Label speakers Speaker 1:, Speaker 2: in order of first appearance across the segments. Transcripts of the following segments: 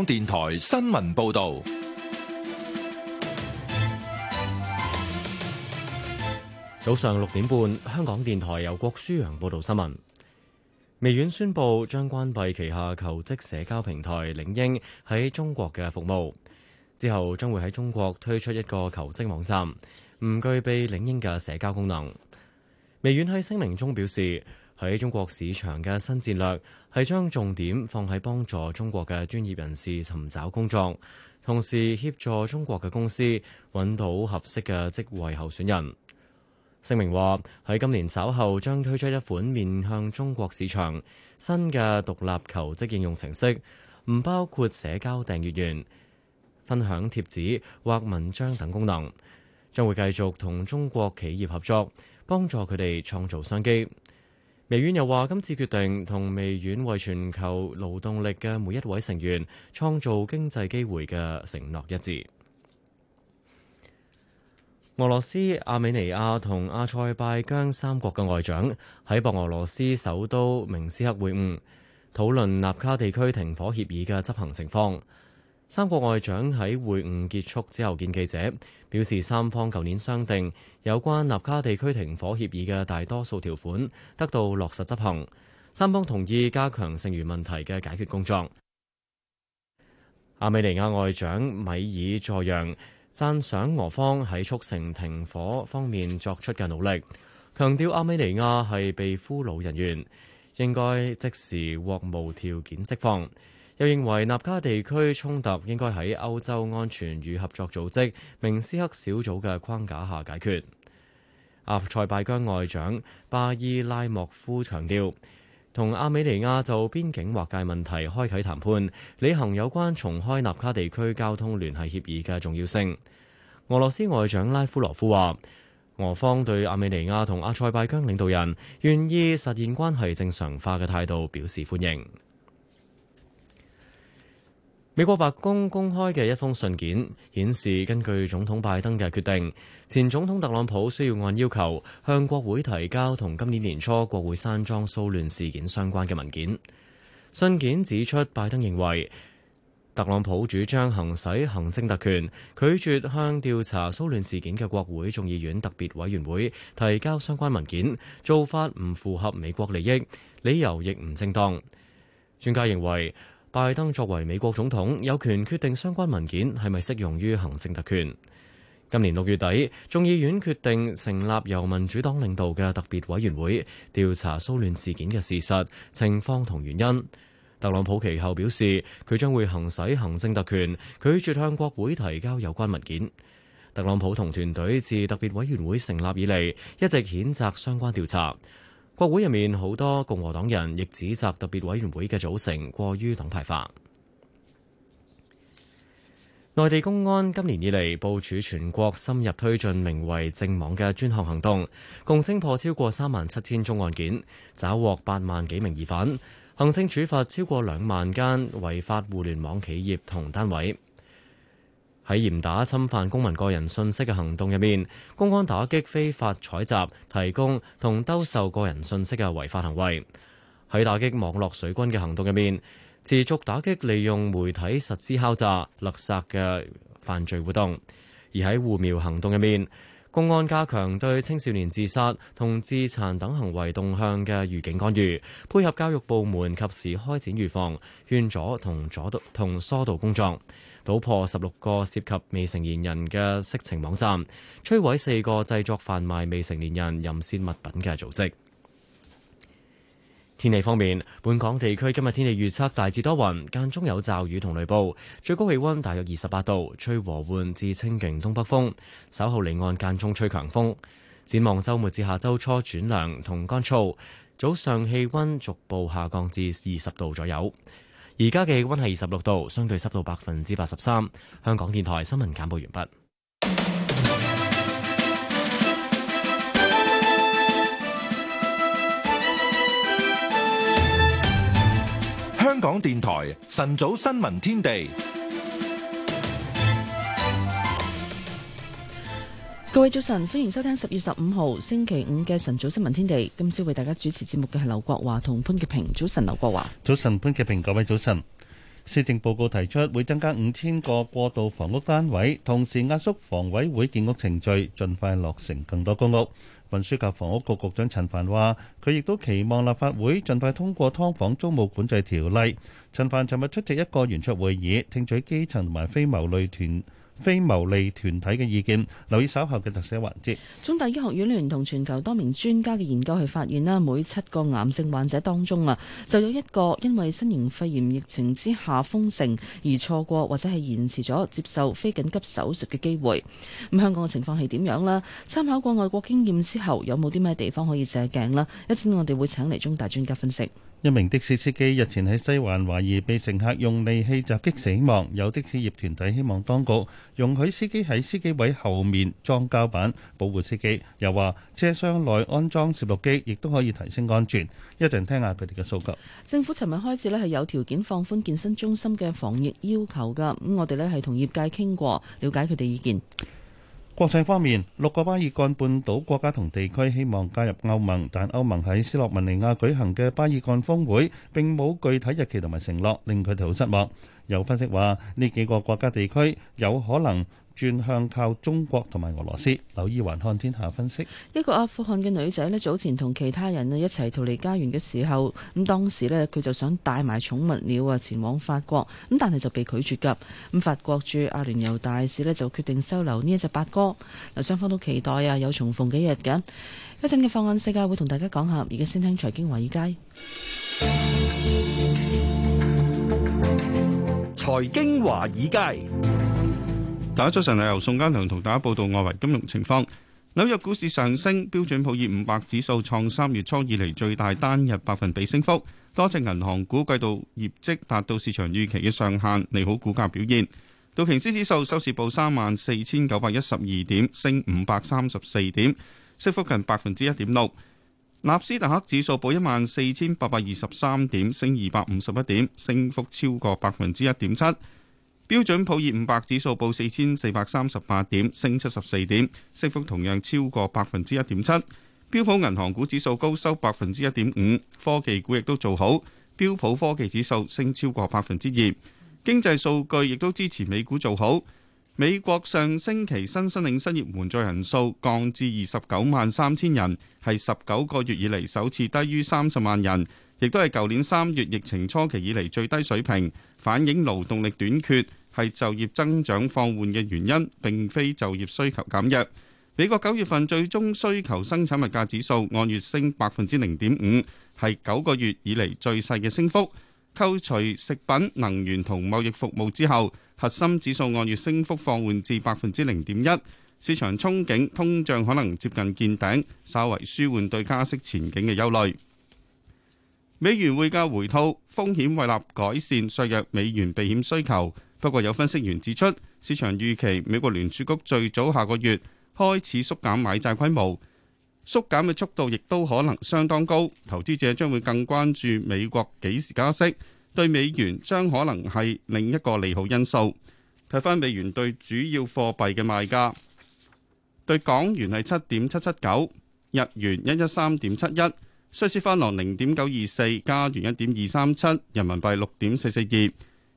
Speaker 1: 香港電台新聞報道，
Speaker 2: 早上六點半，香港電台由郭舒揚報道新聞。微軟宣佈將關閉旗下求職社交平台領英喺中國嘅服務，之後將會喺中國推出一個求職網站，唔具備領英嘅社交功能。微軟喺聲明中表示，喺中國市場嘅新戰略係將重點放喺幫助中國嘅專業人士尋找工作，同時協助中國嘅公司揾到合適嘅職位候選人。聲明話喺今年稍後將推出一款面向中國市場新嘅獨立求職應用程式，唔包括社交訂閱員、分享帖子或文章等功能。將會繼續同中國企業合作，幫助佢哋創造商機。微軟又話，今次決定同微軟為全球勞動力嘅每一位成員創造經濟機會嘅承諾一致。俄羅斯、亞美尼亞同阿塞拜疆三國嘅外長喺白俄羅斯首都明斯克會晤，討論納卡地區停火協議嘅執行情況。三國外長喺會晤結束之後見記者。表示三方舊年商定有關納卡地區停火協議嘅大多數條款得到落實執行，三方同意加強剩餘問題嘅解決工作。亞美尼亞外長米爾佐揚讚賞俄方喺促成停火方面作出嘅努力，強調亞美尼亞係被俘虜人員，應該即時獲無條件釋放。又認為納卡地區衝突應該喺歐洲安全與合作組織明斯克小組嘅框架下解決。阿塞拜疆外長巴伊拉莫夫強調，同阿美尼亞就邊境劃界問題開啟談判，履行有關重開納卡地區交通聯繫協議嘅重要性。俄羅斯外長拉夫羅夫話，俄方對阿美尼亞同阿塞拜疆領導人願意實現關係正常化嘅態度表示歡迎。美國白宮公開嘅一封信件顯示，根據總統拜登嘅決定，前總統特朗普需要按要求向國會提交同今年年初國會山莊騷亂事件相關嘅文件。信件指出，拜登認為特朗普主張行使行政特權，拒絕向調查騷亂事件嘅國會眾議院特別委員會提交相關文件，做法唔符合美國利益，理由亦唔正當。專家認為，拜登作為美國總統，有權決定相關文件係咪適用於行政特權。今年六月底，眾議院決定成立由民主黨領導嘅特別委員會，調查騷亂事件嘅事實、情況同原因。特朗普其後表示，佢將會行使行政特權，拒絕向國會提交有關文件。特朗普同團隊自特別委員會成立以嚟，一直譴責相關調查。國會入面好多共和黨人亦指責特別委員會嘅組成過於黨派化。內地公安今年以嚟部署全國深入推進名為“正網”嘅專項行動，共偵破超過三萬七千宗案件，抓獲八萬幾名疑犯，行政處罰超過兩萬間違法互聯網企業同單位。喺嚴打侵犯公民個人信息嘅行動入面，公安打擊非法採集、提供同兜售個人信息嘅違法行為；喺打擊網絡水軍嘅行動入面，持續打擊利用媒體實施敲詐勒索嘅犯罪活動；而喺護苗行動入面，公安加強對青少年自殺同自殘等行為動向嘅預警干預，配合教育部門及時開展預防、勸阻同阻同疏導工作。搗破十六個涉及未成年人嘅色情網站，摧毀四個製作販賣未成年人淫褻物品嘅組織。天氣方面，本港地區今日天氣預測大致多雲，間中有驟雨同雷暴，最高氣溫大約二十八度，吹和緩至清勁東北風，稍後離岸間中吹強風。展望周末至下周初轉涼同乾燥，早上氣溫逐步下降至二十度左右。而家嘅氣溫係二十六度，相對濕度百分之八十三。香港電台新聞簡報完畢。
Speaker 1: 香港電台晨早新聞天地。
Speaker 3: 各位早晨，歡迎收聽十月十五號星期五嘅晨早新聞天地。今朝為大家主持節目嘅係劉國華同潘潔平。早晨，劉國華。
Speaker 4: 早晨，潘潔平。各位早晨。施政報告提出會增加五千個過渡房屋單位，同時壓縮房委會建屋程序，盡快落成更多公屋。運輸及房屋局局長陳凡話，佢亦都期望立法會盡快通過《劏房租務管制條例》。陳凡尋日出席一個圓桌會議，聽取基層同埋非牟類團。非牟利團體嘅意見，留意稍後嘅特寫環節。
Speaker 3: 中大醫學院聯同全球多名專家嘅研究係發現啦，每七個癌症患者當中啊，就有一個因為新型肺炎疫情之下封城而錯過或者係延遲咗接受非緊急手術嘅機會。咁香港嘅情況係點樣呢？參考過外國經驗之後，有冇啲咩地方可以借鏡呢？一陣我哋會請嚟中大專家分析。
Speaker 4: 一名的士司機日前喺西環懷疑被乘客用利器襲擊死亡，有的士業團體希望當局容許司機喺司機位後面裝膠板保護司機，又話車廂內安裝攝錄機亦都可以提升安全。一陣聽下佢哋嘅訴求。
Speaker 3: 政府尋日開始呢係有條件放寬健身中心嘅防疫要求噶，咁我哋呢係同業界傾
Speaker 4: 過，了解佢哋意見。國際方面，六個巴爾幹半島國家同地區希望加入歐盟，但歐盟喺斯洛文尼亞舉行嘅巴爾幹峰會並冇具體日期同埋承諾，令佢哋好失望。有分析話，呢幾個國家地區有可能。轉向靠中國同埋俄羅斯。劉依環看天下分析：一個阿
Speaker 3: 富汗嘅女仔咧，早前同其他人啊一齊逃離家園嘅時候，咁當時咧佢就想帶埋寵物鳥啊前往法國，咁但係就被拒絕噶。咁法國駐阿聯酋大使咧就決定收留呢一隻八哥，嗱雙方都期待啊有重逢幾日噶。一陣嘅放眼世界會同大家講下，而家先聽財經華爾街。
Speaker 5: 財經華爾街。一早晨嚟，由宋家良同大家報道外圍金融情況。紐約股市上升，標準普爾五百指數創三月初以嚟最大單日百分比升幅。多隻銀行股季度業績達到市場預期嘅上限，利好股價表現。道瓊斯指數收市報三萬四千九百一十二點，升五百三十四點，升幅近百分之一點六。納斯達克指數報一萬四千八百二十三點，升二百五十一點，升幅超過百分之一點七。標準普爾五百指數報四千四百三十八點，升七十四點，升幅同樣超過百分之一點七。標普銀行股指數高收百分之一點五，科技股亦都做好，標普科技指數升超過百分之二。經濟數據亦都支持美股做好。美國上星期新申領失業援助人數降至二十九萬三千人，係十九個月以嚟首次低於三十萬人。亦都係舊年三月疫情初期以嚟最低水平，反映勞動力短缺，係就業增長放緩嘅原因，並非就業需求減弱。美國九月份最終需求生產物價指數按月升百分之零點五，係九個月以嚟最細嘅升幅。扣除食品、能源同貿易服務之後，核心指數按月升幅放緩至百分之零點一。市場憧憬通脹可能接近見頂，稍為舒緩對加息前景嘅憂慮。美元匯價回吐，風險胃納改善，削弱美元避險需求。不過，有分析員指出，市場預期美國聯儲局最早下個月開始縮減買債規模，縮減嘅速度亦都可能相當高。投資者將會更關注美國幾時加息，對美元將可能係另一個利好因素。睇返美元對主要貨幣嘅賣價，對港元係七點七七九，日元一一三點七一。瑞士法郎零點九二四，加元一點二三七，人民幣六點四四二，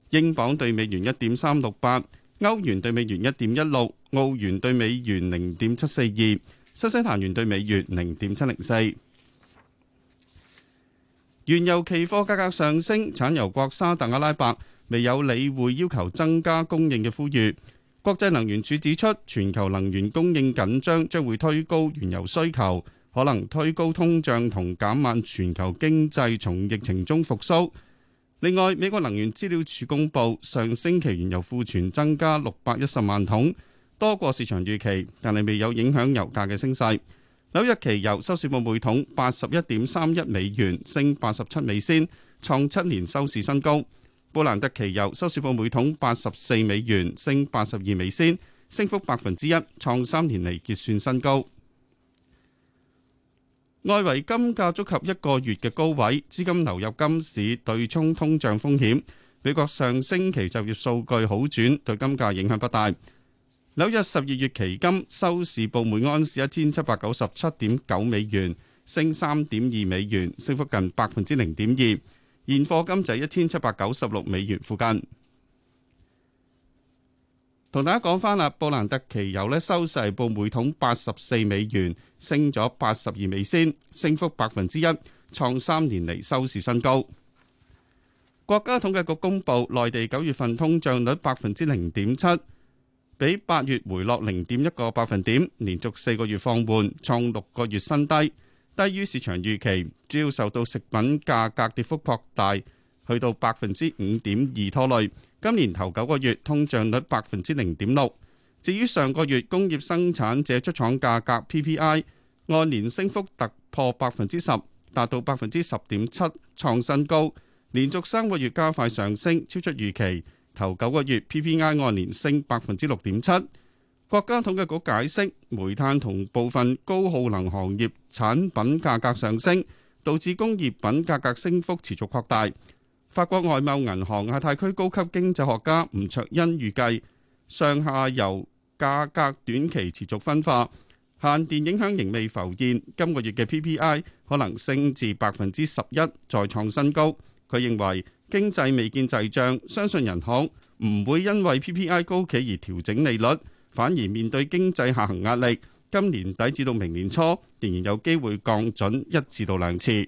Speaker 5: 英鎊兌美元一點三六八，歐元兌美元一點一六，澳元兌美元零點七四二，新西蘭元兌美元零點七零四。原油期貨價格上升，產油國沙特阿拉伯未有理會要求增加供應嘅呼籲。國際能源署指出，全球能源供應緊張將會推高原油需求。可能推高通脹同減慢全球經濟從疫情中復甦。另外，美國能源資料處公布上星期原油庫存增加六百一十萬桶，多過市場預期，但係未有影響油價嘅升勢。紐約期油收市報每桶八十一點三一美元，升八十七美仙，創七年收市新高。布蘭特期油收市報每桶八十四美元，升八十二美仙，升幅百分之一，創三年嚟結算新高。外圍金價觸及一個月嘅高位，資金流入金市對沖通脹風險。美國上星期就業數據好轉，對金價影響不大。紐約十二月期金收市報每安士一千七百九十七點九美元，升三點二美元，升幅近百分之零點二。現貨金就係一千七百九十六美元附近。同大家講翻啦，布蘭特期油呢，收市報每桶八十四美元，升咗八十二美仙，升幅百分之一，創三年嚟收市新高。國家統計局公布，內地九月份通脹率百分之零點七，比八月回落零點一個百分點，連續四個月放緩，創六個月新低，低於市場預期。主要受到食品價格跌幅擴大，去到百分之五點二拖累。今年頭九個月通脹率百分之零點六，至於上個月工業生產者出廠價格 PPI 按年升幅突破百分之十，達到百分之十點七，創新高，連續三個月加快上升，超出預期。頭九個月 PPI 按年升百分之六點七。國家統計局解釋，煤炭同部分高耗能行業產品價格上升，導致工業品價格升幅持續擴大。法國外貿銀行亞太區高級經濟學家吳卓恩預計，上下游價格短期持續分化，限電影響仍未浮現。今個月嘅 PPI 可能升至百分之十一，再創新高。佢認為經濟未見滯脹，相信人行唔會因為 PPI 高企而調整利率，反而面對經濟下行壓力，今年底至到明年初仍然有機會降準一至到兩次。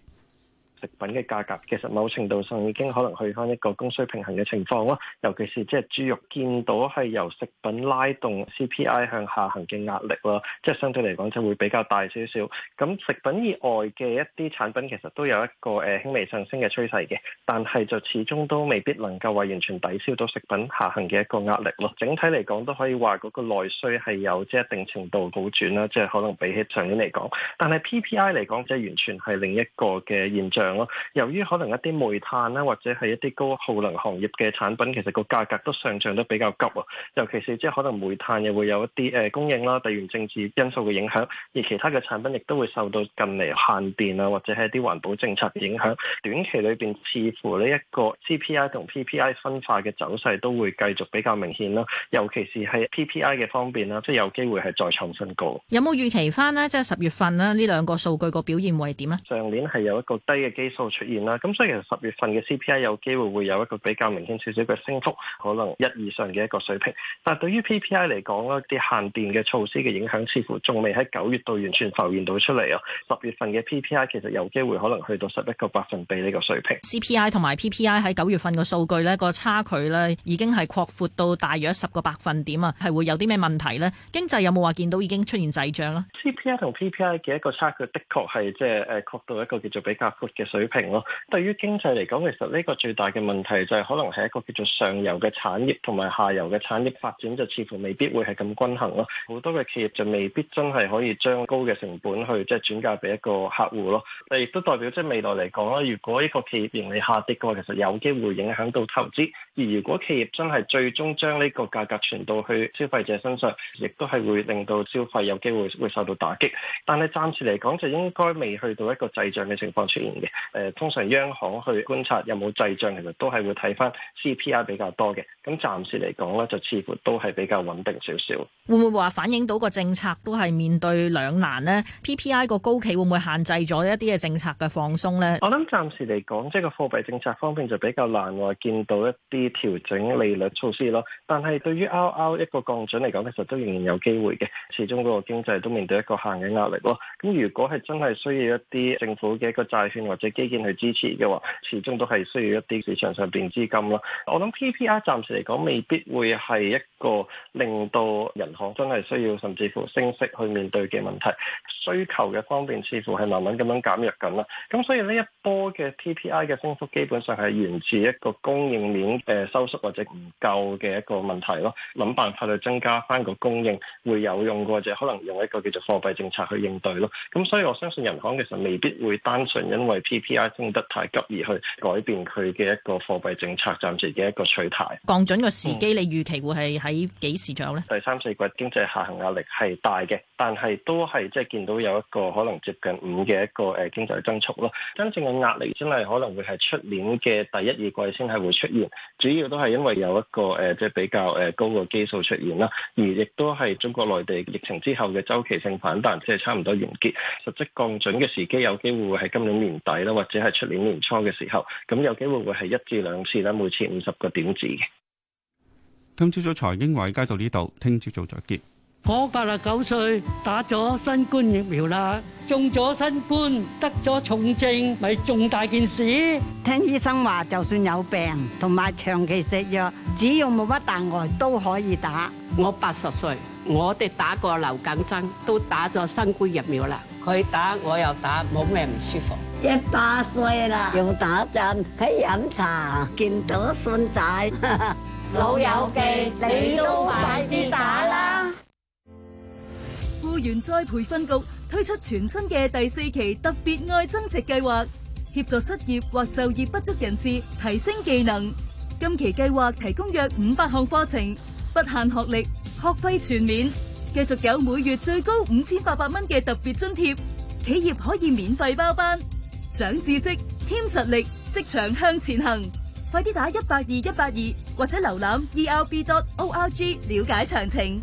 Speaker 6: 食品嘅價格其實某程度上已經可能去返一個供需平衡嘅情況咯，尤其是即係豬肉見到係由食品拉動 CPI 向下行嘅壓力咯，即係相對嚟講就會比較大少少。咁食品以外嘅一啲產品其實都有一個誒、呃、輕微上升嘅趨勢嘅，但係就始終都未必能夠話完全抵消到食品下行嘅一個壓力咯。整體嚟講都可以話嗰個內需係有即係一定程度好轉啦，即係可能比起上年嚟講。但係 PPI 嚟講就完全係另一個嘅現象。由於可能一啲煤炭啦，或者係一啲高耗能行業嘅產品，其實個價格都上漲得比較急啊！尤其是即係可能煤炭又會有一啲誒供應啦、地緣政治因素嘅影響，而其他嘅產品亦都會受到近嚟限電啊，或者係一啲環保政策嘅影響。短期裏邊，似乎呢一個 CPI 同 PPI 分化嘅走勢都會繼續比較明顯啦，尤其是係 PPI 嘅方面啦，即係有機會係再創新高。
Speaker 7: 有冇預期翻呢？即係十月份咧呢兩個數據個表現會係點咧？
Speaker 6: 上年係有一個低嘅數出現啦，咁所以其實十月份嘅 CPI 有機會會有一個比較明顯少少嘅升幅，可能一以上嘅一個水平。但係對於 PPI 嚟講咧，啲限電嘅措施嘅影響似乎仲未喺九月度完全浮現到出嚟啊。十月份嘅 PPI 其實有機會可能去到十一個百分比呢個水平。
Speaker 7: CPI 同埋 PPI
Speaker 8: 喺九月份嘅數據呢個差距呢已經係擴闊，闊到大約十個百分點啊，係會有啲咩問題呢？經濟有冇話見到已經出現滯脹咧
Speaker 6: ？CPI 同 PPI 嘅一個差距的確係即係誒擴到一個叫做比較闊嘅。水平咯，對於經濟嚟講，其實呢個最大嘅問題就係可能係一個叫做上游嘅產業同埋下游嘅產業發展就似乎未必會係咁均衡咯。好多嘅企業就未必真係可以將高嘅成本去即係、就是、轉嫁俾一個客戶咯。但亦都代表即係未來嚟講啦，如果呢個企業盈利下跌嘅話，其實有機會影響到投資。而如果企業真係最終將呢個價格傳到去消費者身上，亦都係會令到消費有機會會受到打擊。但係暫時嚟講，就應該未去到一個滯漲嘅情況出現嘅。誒通常央行去觀察有冇滯脹，其實都係會睇返 CPI 比較多嘅。咁暫時嚟講咧，就似乎都係比較穩定少少。會
Speaker 8: 唔會話反映到個政策都係面對兩難呢？PPI 個高企會唔會限制咗一啲嘅政策嘅放鬆呢？
Speaker 6: 我諗暫時嚟講，即、這、係個貨幣政策方面就比較難話見到一啲調整利率措施咯。但係對於 o u o 一個降準嚟講，其實都仍然有機會嘅。始終嗰個經濟都面對一個限嘅壓力咯。咁如果係真係需要一啲政府嘅一個債券或即基建去支持嘅話，始終都係需要一啲市場上邊資金咯。我諗 PPI 暫時嚟講未必會係一個令到人行真係需要甚至乎升息去面對嘅問題，需求嘅方面似乎係慢慢咁樣減弱緊啦。咁所以呢一波嘅 PPI 嘅升幅，基本上係源自一個供應鏈誒收縮或者唔夠嘅一個問題咯。諗辦法去增加翻個供應會有用過，或者可能用一個叫做貨幣政策去應對咯。咁所以我相信人行其實未必會單純因為。CPI 升得太急，而去改變佢嘅一個貨幣政策，暫時嘅一個取態
Speaker 7: 降準嘅時機，你預期會係喺幾時左右
Speaker 6: 咧？第三四季經濟下行壓力係大嘅，但係都係即係見到有一個可能接近五嘅一個誒經濟增速咯。真正嘅壓力真係可能會係出年嘅第一二季先係會出現，主要都係因為有一個誒即係比較誒高嘅基數出現啦，而亦都係中國內地疫情之後嘅周期性反彈，即係差唔多完結。實際降準嘅時機有機會會係今年年底。咧或者係出年年初嘅時候，咁有機會會係一至兩次啦，每次五十個點子。
Speaker 5: 今朝早財經話解到呢度，聽朝早再見。
Speaker 9: 我八十九歲，打咗新冠疫苗啦，中咗新冠，得咗重症，咪重大件事。聽醫生話，就算有病同埋長期食藥，只要冇乜大礙都可以打。我八十歲。我哋打過流感針，都打咗新冠疫苗啦。佢打，
Speaker 8: 我又打，冇咩唔舒服。
Speaker 10: 一百歲啦，
Speaker 8: 又打針，喺飲茶見到孫仔，
Speaker 10: 老友記，你都快啲打
Speaker 11: 啦！
Speaker 7: 雇員再培訓局推出全新嘅第四期特別愛增值計劃，協助失業或就業不足人士提升技能。今期計劃提供約五百項課程，不限學歷。學費全免，繼續有每月最高五千八百蚊嘅特別津貼，企業可以免費包班，長知識，添實力，職場向前行。快啲打一八二一八二或者瀏覽 e r b dot o r g 了解詳情。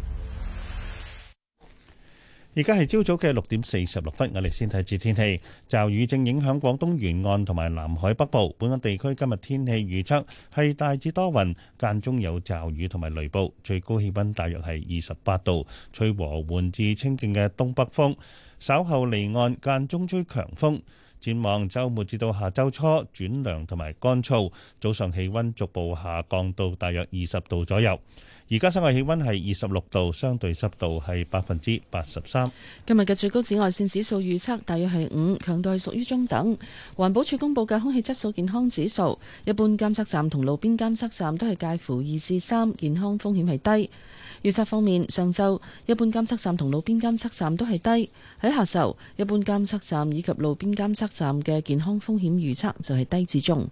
Speaker 4: 而家係朝早嘅六點四十六分，我哋先睇下天氣。驟雨正影響廣東沿岸同埋南海北部。本港地區今日天氣預測係大致多雲，間中有驟雨同埋雷暴，最高氣溫大約係二十八度，吹和緩至清勁嘅東北風。稍後離岸間中吹強風。展望週末至到下週初轉涼同埋乾燥，早上氣溫逐步下降到大約二十度左右。而家室外氣溫係二十六度，相對濕度係百分之八十三。
Speaker 3: 今日嘅最高紫外線指數預測大約係五，強度係屬於中等。環保署公布嘅空氣質素健康指數，一般監測站同路邊監測站都係介乎二至三，健康風險係低。預測方面，上晝一般監測站同路邊監測站都係低。喺下晝，一般監測站以及路邊監測站嘅健康風險預測就係低至中。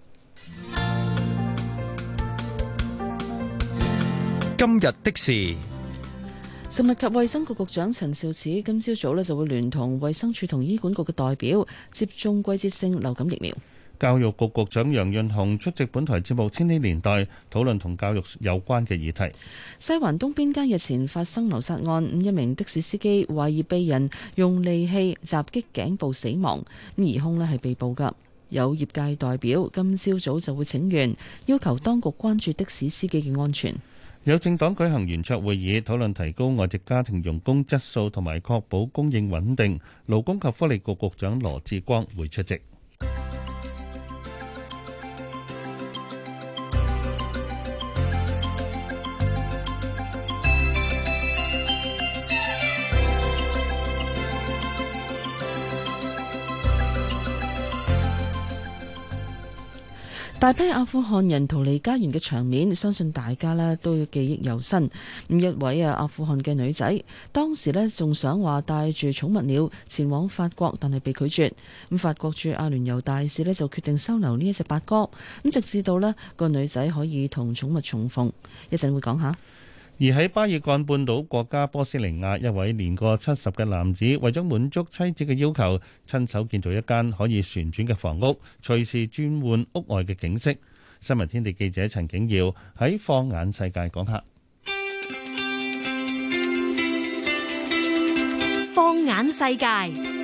Speaker 12: 今日的事，
Speaker 3: 食物及衛生局局長陳肇始今朝早呢就會聯同衛生署同醫管局嘅代表接種季節性流感疫苗。
Speaker 4: 教育局局長楊潤雄出席本台節目《千禧年代》，討論同教育有關嘅議題。
Speaker 3: 西環東邊街日前發生謀殺案，五一名的士司機懷疑被人用利器襲擊頸部死亡，咁疑凶呢係被捕噶。有業界代表今朝早，早就會請願，要求當局關注的士司機嘅安全。
Speaker 4: 有政黨舉行圓桌會議，討論提高外籍家庭傭工質素同埋確保供應穩定。勞工及福利局局長羅志光會出席。
Speaker 3: 大批阿富汗人逃離家園嘅場面，相信大家咧都要記憶猶新。咁一位啊阿富汗嘅女仔，當時咧仲想話帶住寵物鳥前往法國，但係被拒絕。咁法國駐阿聯酋大使咧就決定收留呢一隻八哥。咁直至到咧個女仔可以同寵物重逢，一陣會講下。
Speaker 4: 而喺巴爾幹半島國家波斯尼亞，一位年過七十嘅男子，為咗滿足妻子嘅要求，親手建造一間可以旋轉嘅房屋，隨時轉換屋外嘅景色。新聞天地記者陳景耀喺放眼世界講下。
Speaker 7: 放眼世界。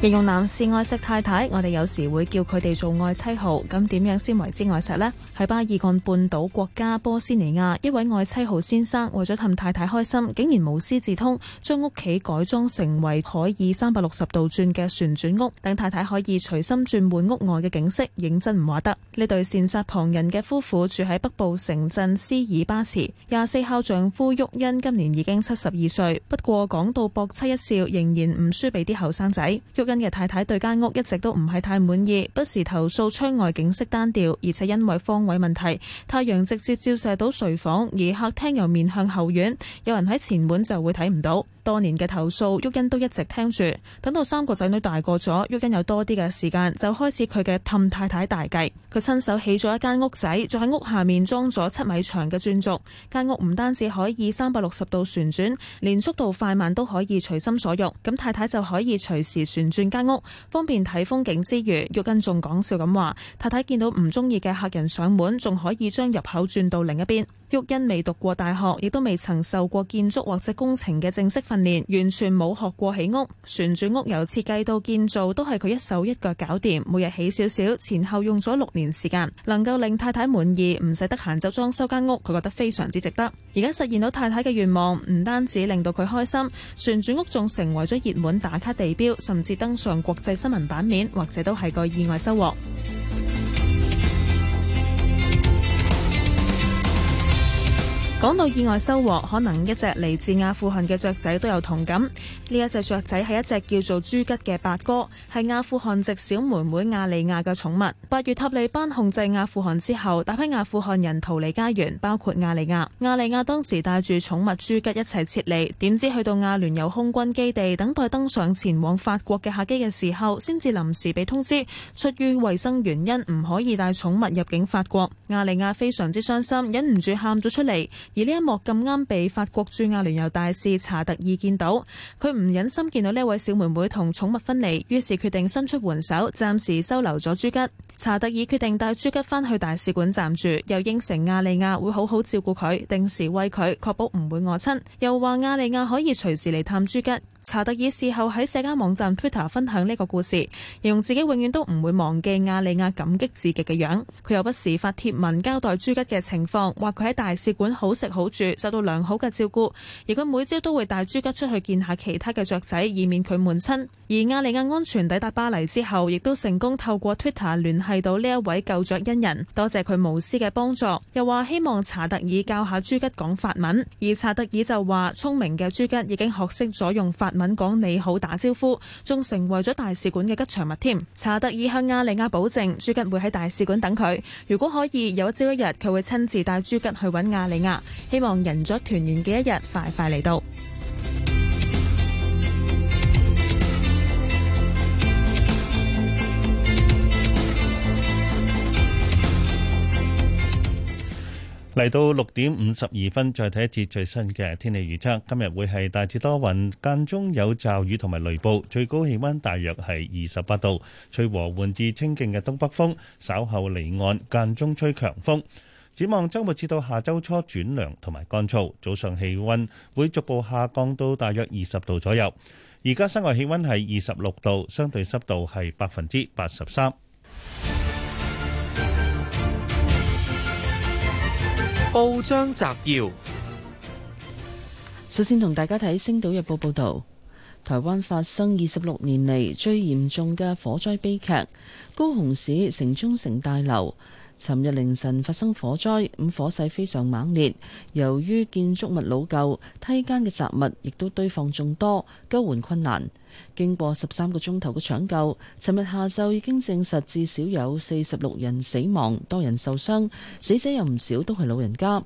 Speaker 7: 形容男士愛錫太太，我哋有時會叫佢哋做愛妻號。咁點樣先為之愛錫呢？喺巴爾幹半島國家波斯尼亞，一位愛妻號先生為咗氹太太開心，竟然無師自通將屋企改裝成為可以三百六十度轉嘅旋轉屋，等太太可以隨心轉換屋外嘅景色，認真唔話得。呢對羨煞旁人嘅夫婦住喺北部城鎮斯爾巴茨，廿四孝丈夫沃恩今年已經七十二歲，不過講到博妻一笑，仍然唔輸俾啲後生仔。跟嘅太太對間屋一直都唔係太滿意，不時投訴窗外景色單調，而且因為方位問題，太陽直接照射到睡房，而客廳又面向後院，有人喺前門就會睇唔到。多年嘅投訴，郁欣都一直聽住。等到三個仔女大個咗，郁欣有多啲嘅時間，就開始佢嘅氹太太大計。佢親手起咗一間屋仔，再喺屋下面裝咗七米長嘅轉軸。間屋唔單止可以三百六十度旋轉，連速度快慢都可以隨心所欲。咁太太就可以隨時旋轉間屋，方便睇風景之餘，郁欣仲講笑咁話：太太見到唔中意嘅客人上門，仲可以將入口轉到另一邊。玉欣未讀過大學，亦都未曾受過建築或者工程嘅正式訓練，完全冇學過起屋。旋轉屋由設計到建造都係佢一手一腳搞掂，每日起少少，前後用咗六年時間，能夠令太太滿意，唔使得閒就裝修間屋，佢覺得非常之值得。而家實現到太太嘅願望，唔單止令到佢開心，旋轉屋仲成為咗熱門打卡地標，甚至登上國際新聞版面，或者都係個意外收穫。講到意外收穫，可能一隻嚟自阿富汗嘅雀仔都有同感。呢一隻雀仔係一隻叫做朱吉嘅八哥，係阿富汗籍小妹妹亞利亞嘅寵物。八月塔利班控制阿富汗之後，大批阿富汗人逃離家園，包括亞利亞。亞利亞當時帶住寵物朱吉一齊撤離，點知去到阿聯酋空軍基地等待登上前往法國嘅客機嘅時候，先至臨時被通知，出於衛生原因唔可以帶寵物入境法國。亞利亞非常之傷心，忍唔住喊咗出嚟。而呢一幕咁啱被法國駐阿聯酋大使查特爾見到，佢唔忍心見到呢位小妹妹同寵物分離，於是決定伸出援手，暫時收留咗朱吉。查特爾決定帶朱吉返去大使館暫住，又應承亞利亞會好好照顧佢，定時餵佢，確保唔會餓親，又話亞利亞可以隨時嚟探朱吉。查特爾事後喺社交網站 Twitter 分享呢個故事，形容自己永遠都唔會忘記亞利亞感激至極嘅樣。佢又不時發帖文交代朱吉嘅情況，話佢喺大使館好食好住，受到良好嘅照顧。而佢每朝都會帶朱吉出去見下其他嘅雀仔，以免佢悶親。而亞利亞安全抵達巴黎之後，亦都成功透過 Twitter 聯繫到呢一位救雀恩人，多謝佢無私嘅幫助。又話希望查特爾教下朱吉講法文，而查特爾就話聰明嘅朱吉已經學識咗用法文講你好打招呼，仲成為咗大使館嘅吉祥物添。查特爾向亞利亞保證，朱吉會喺大使館等佢，如果可以有一朝一日，佢會親自帶朱吉去揾亞利亞，希望人雀團圓嘅一日快快嚟到。
Speaker 4: 嚟到六點五十二分，再睇一次最新嘅天氣預測。今日會係大致多雲，間中有驟雨同埋雷暴，最高氣溫大約係二十八度，吹和緩至清勁嘅東北風，稍後離岸間中吹強風。展望週末至到下週初轉涼同埋乾燥，早上氣溫會逐步下降到大約二十度左右。而家室外氣溫係二十六度，相對濕度係百分之八十三。報章摘要：
Speaker 3: 首先同大家睇《星島日報》報道，台灣發生二十六年嚟最嚴重嘅火災悲劇，高雄市城中城大樓。尋日凌晨發生火災，咁火勢非常猛烈。由於建築物老舊，梯間嘅雜物亦都堆放眾多，救援困難。經過十三個鐘頭嘅搶救，尋日下晝已經證實至少有四十六人死亡，多人受傷，死者有唔少都係老人家。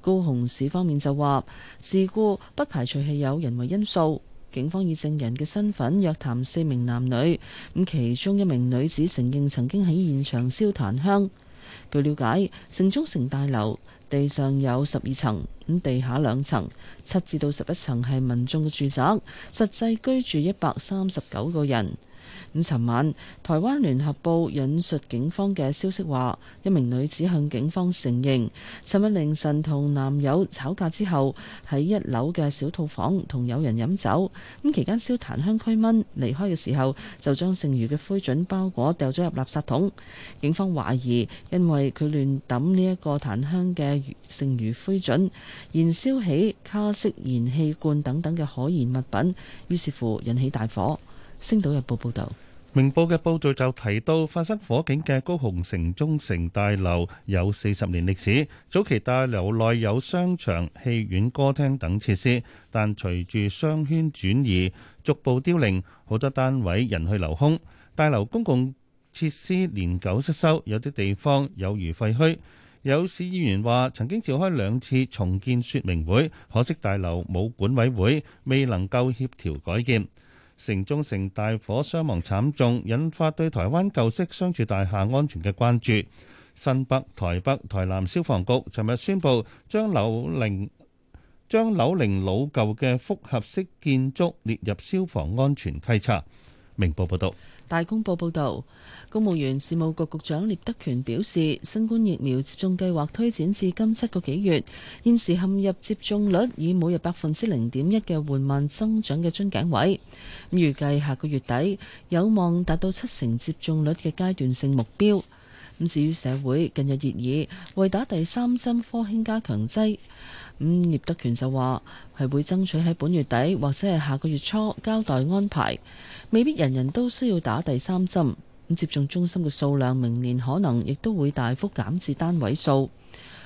Speaker 3: 高雄市方面就話事故不排除係有人為因素。警方以證人嘅身份約談四名男女，咁其中一名女子承認曾經喺現場燒檀香。據了解，城中城大樓地上有十二層，地下兩層，七至到十一層係民眾嘅住宅，實際居住一百三十九個人。咁，昨晚《台灣聯合報》引述警方嘅消息話，一名女子向警方承認，尋日凌晨同男友吵架之後，喺一樓嘅小套房同友人飲酒。咁期間燒檀香驅蚊，離開嘅時候就將剩餘嘅灰燼包裹掉咗入垃圾桶。警方懷疑，因為佢亂抌呢一個檀香嘅剩餘灰燼，燃燒起卡式燃氣罐等等嘅可燃物品，於是乎引起大火。《星島日報》報導。
Speaker 4: 明報嘅報導就提到，發生火警嘅高雄城中城大樓有四十年歷史，早期大樓內有商場、戲院、歌廳等設施，但隨住商圈轉移，逐步凋零，好多單位人去樓空，大樓公共設施年久失修，有啲地方有如廢墟。有市議員話，曾經召開兩次重建說明會，可惜大樓冇管委會，未能夠協調改建。城中城大火傷亡慘重，引發對台灣舊式商住大廈安全嘅關注。新北、台北、台南消防局尋日宣布將樓齡，將樓齡將樓齡老舊嘅複合式建築列入消防安全稽查。明報報道。
Speaker 3: 大公報報道，公務員事務局局長聶德權表示，新冠疫苗接種計劃推展至今七個幾月，現時陷入接種率以每日百分之零點一嘅緩慢增長嘅樽頸位，預計下個月底有望達到七成接種率嘅階段性目標。咁至於社會近日熱議為打第三針科興加強劑。咁、嗯、葉德權就話：係會爭取喺本月底或者係下個月初交代安排，未必人人都需要打第三針。咁、嗯、接種中心嘅數量明年可能亦都會大幅減至單位數。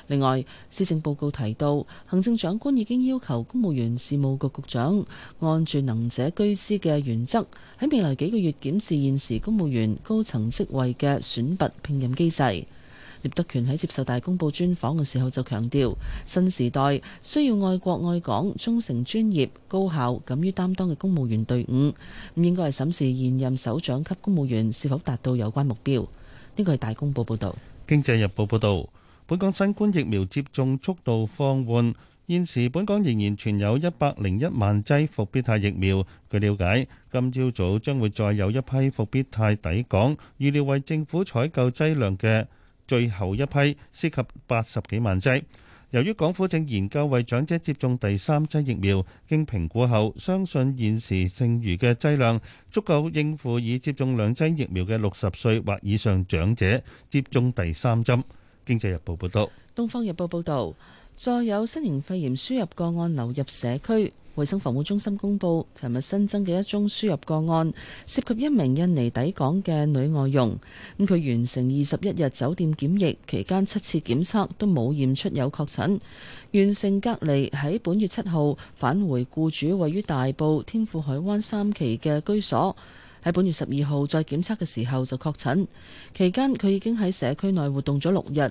Speaker 3: 另外，施政報告提到，行政長官已經要求公務員事務局局長按住能者居之嘅原則，喺未來幾個月檢視現時公務員高層職位嘅選拔聘任機制。聶德權喺接受大公報專訪嘅時候就強調，新時代需要愛國愛港、忠誠專業、高效、敢於擔當嘅公務員隊伍。唔應該係審視現任首長級公務員是否達到有關目標。呢個係大公報報道，
Speaker 4: 《經濟日報》報道，本港新冠疫苗接種速度放緩，現時本港仍然存有一百零一萬劑伏必泰疫苗。據了解，今朝早將會再有一批伏必泰抵港，預料為政府採購劑量嘅。最後一批涉及八十幾萬劑，由於港府正研究為長者接種第三劑疫苗，經評估後相信現時剩餘嘅劑量足夠應付已接種兩劑疫苗嘅六十歲或以上長者接種第三針。經濟日報報道。東
Speaker 3: 方日報報導。再有新型肺炎輸入個案流入社區。衛生防護中心公佈，尋日新增嘅一宗輸入個案，涉及一名印尼抵港嘅女外傭。咁佢完成二十一日酒店檢疫期間七次檢測都冇驗出有確診，完成隔離喺本月七號返回僱主位於大埔天賦海灣三期嘅居所。喺本月十二號再檢測嘅時候就確診，期間佢已經喺社區內活動咗六日，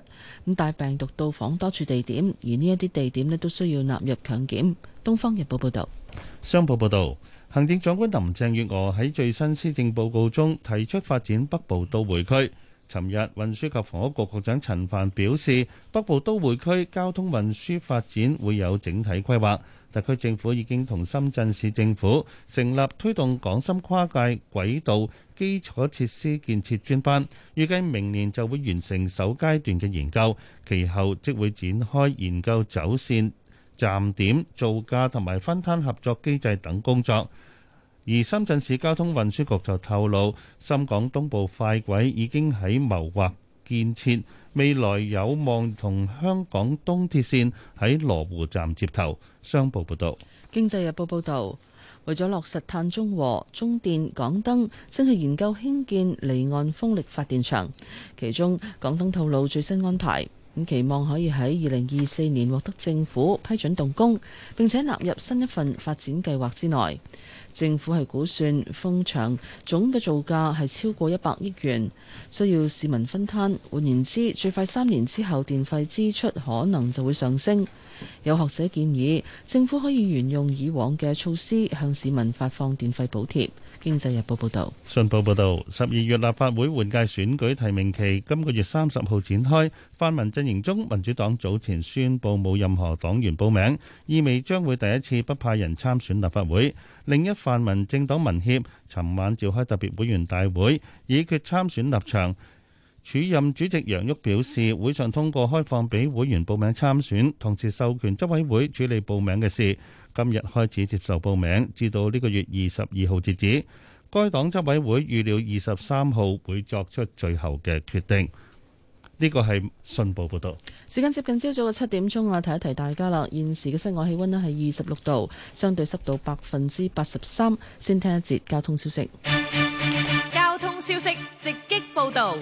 Speaker 3: 咁帶病毒到訪多處地點，而呢一啲地點咧都需要納入強檢。《東方日報》報道，
Speaker 4: 《商報》報道，行政長官林鄭月娥喺最新施政報告中提出發展北部都會區。昨日運輸及房屋局局長陳帆表示，北部都會區交通運輸發展會有整體規劃。特區政府已經同深圳市政府成立推動港深跨界軌道基礎設施建設專班，預計明年就會完成首階段嘅研究，其後即會展開研究走線、站點、造價同埋分攤合作機制等工作。而深圳市交通運輸局就透露，深港東部快軌已經喺謀劃建設。未來有望同香港東鐵綫喺羅湖站接頭。商報報道，
Speaker 3: 經濟日報報道，為咗落實碳中和，中電港燈正係研究興建離岸風力發電場，其中港燈透露最新安排。咁期望可以喺二零二四年獲得政府批准動工，並且納入新一份發展計劃之內。政府係估算風場總嘅造價係超過一百億元，需要市民分攤。換言之，最快三年之後電費支出可能就會上升。有學者建議，政府可以沿用以往嘅措施，向市民發放電費補貼。經濟日報報道，
Speaker 4: 信報報道，十二月立法會換屆選舉提名期今個月三十號展開。泛民陣營中，民主黨早前宣布冇任何黨員報名，意味將會第一次不派人參選立法會。另一泛民政黨民協，尋晚召開特別會員大會，以決參選立場。署任主席楊旭表示，會上通過開放俾會員報名參選，同時授權執委會處理報名嘅事。今日開始接受報名，至到呢個月二十二號截止。該黨執委會預料二十三號會作出最後嘅決定。呢個係信報報道。
Speaker 3: 時間接近朝早嘅七點鐘啊，提一提大家啦。現時嘅室外氣溫咧係二十六度，相對濕度百
Speaker 11: 分之八十三。先聽一節交通消息。
Speaker 9: 交通消息
Speaker 7: 直擊報道。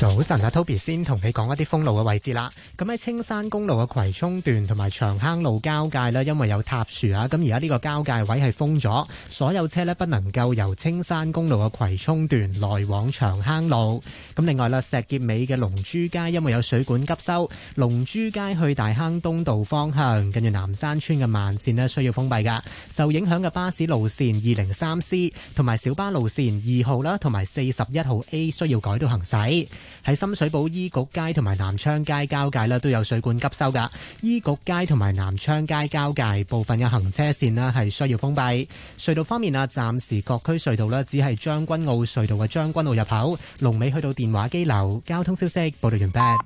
Speaker 11: 早晨啊，Toby 先同你講一啲封路嘅位置啦。咁喺青山公路嘅葵涌段同埋長坑路交界咧，因為有塌樹啊，咁而家呢個交界位係封咗，所有車呢不能夠由青山公路嘅葵涌段來往長坑路。咁另外啦，石硤尾嘅龍珠街因為有水管急修，龍珠街去大坑東道方向跟住南山村嘅慢線呢需要封閉噶。受影響嘅巴士路線二零三 C 同埋小巴路線二號啦同埋四十一號 A 需要改道行駛。喺深水埗醫局街同埋南昌街交界咧，都有水管急修噶。醫局街同埋南昌街交界部分嘅行車線咧，係需要封閉。隧道方面啊，暫時各區隧道咧，只係將軍澳隧道嘅將軍澳入口，龍尾去到電話機樓。交通消息，報道完畢。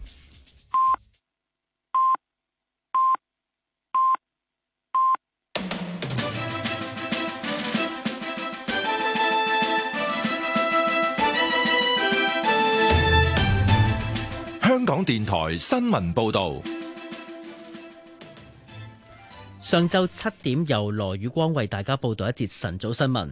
Speaker 8: 香港電台新聞報道：上晝七點，由羅宇光為大家報道一節晨早新聞。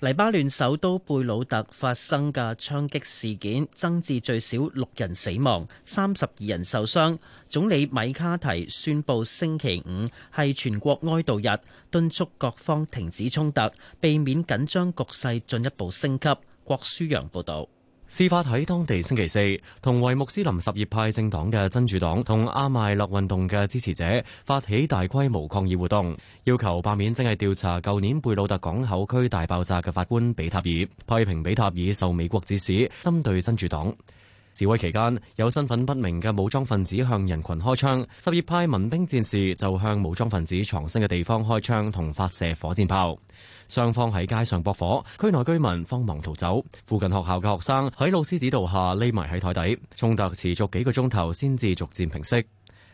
Speaker 8: 黎巴嫩首都貝魯特發生嘅槍擊事件，增至最少六人死亡、三十二人受傷。總理米卡提宣布星期五係全國哀悼日，敦促各方停止衝突，避免緊張局勢進一步升級。郭舒陽
Speaker 2: 報道。事發喺當地星期四，同為穆斯林什葉派政黨嘅真主黨同阿麥勒運動嘅支持者發起大規模抗議活動，要求罷免正係調查舊年貝魯特港口區大爆炸嘅法官比塔爾，批評比塔爾受美國指使針對真主黨。示威期間，有身份不明嘅武裝分子向人群開槍，什葉派民兵戰士就向武裝分子藏身嘅地方開槍同發射火箭炮，雙方喺街上駁火，區內居民慌忙逃走，附近學校嘅學生喺老師指導下匿埋喺台底，衝突持續幾個鐘頭先至逐漸平息。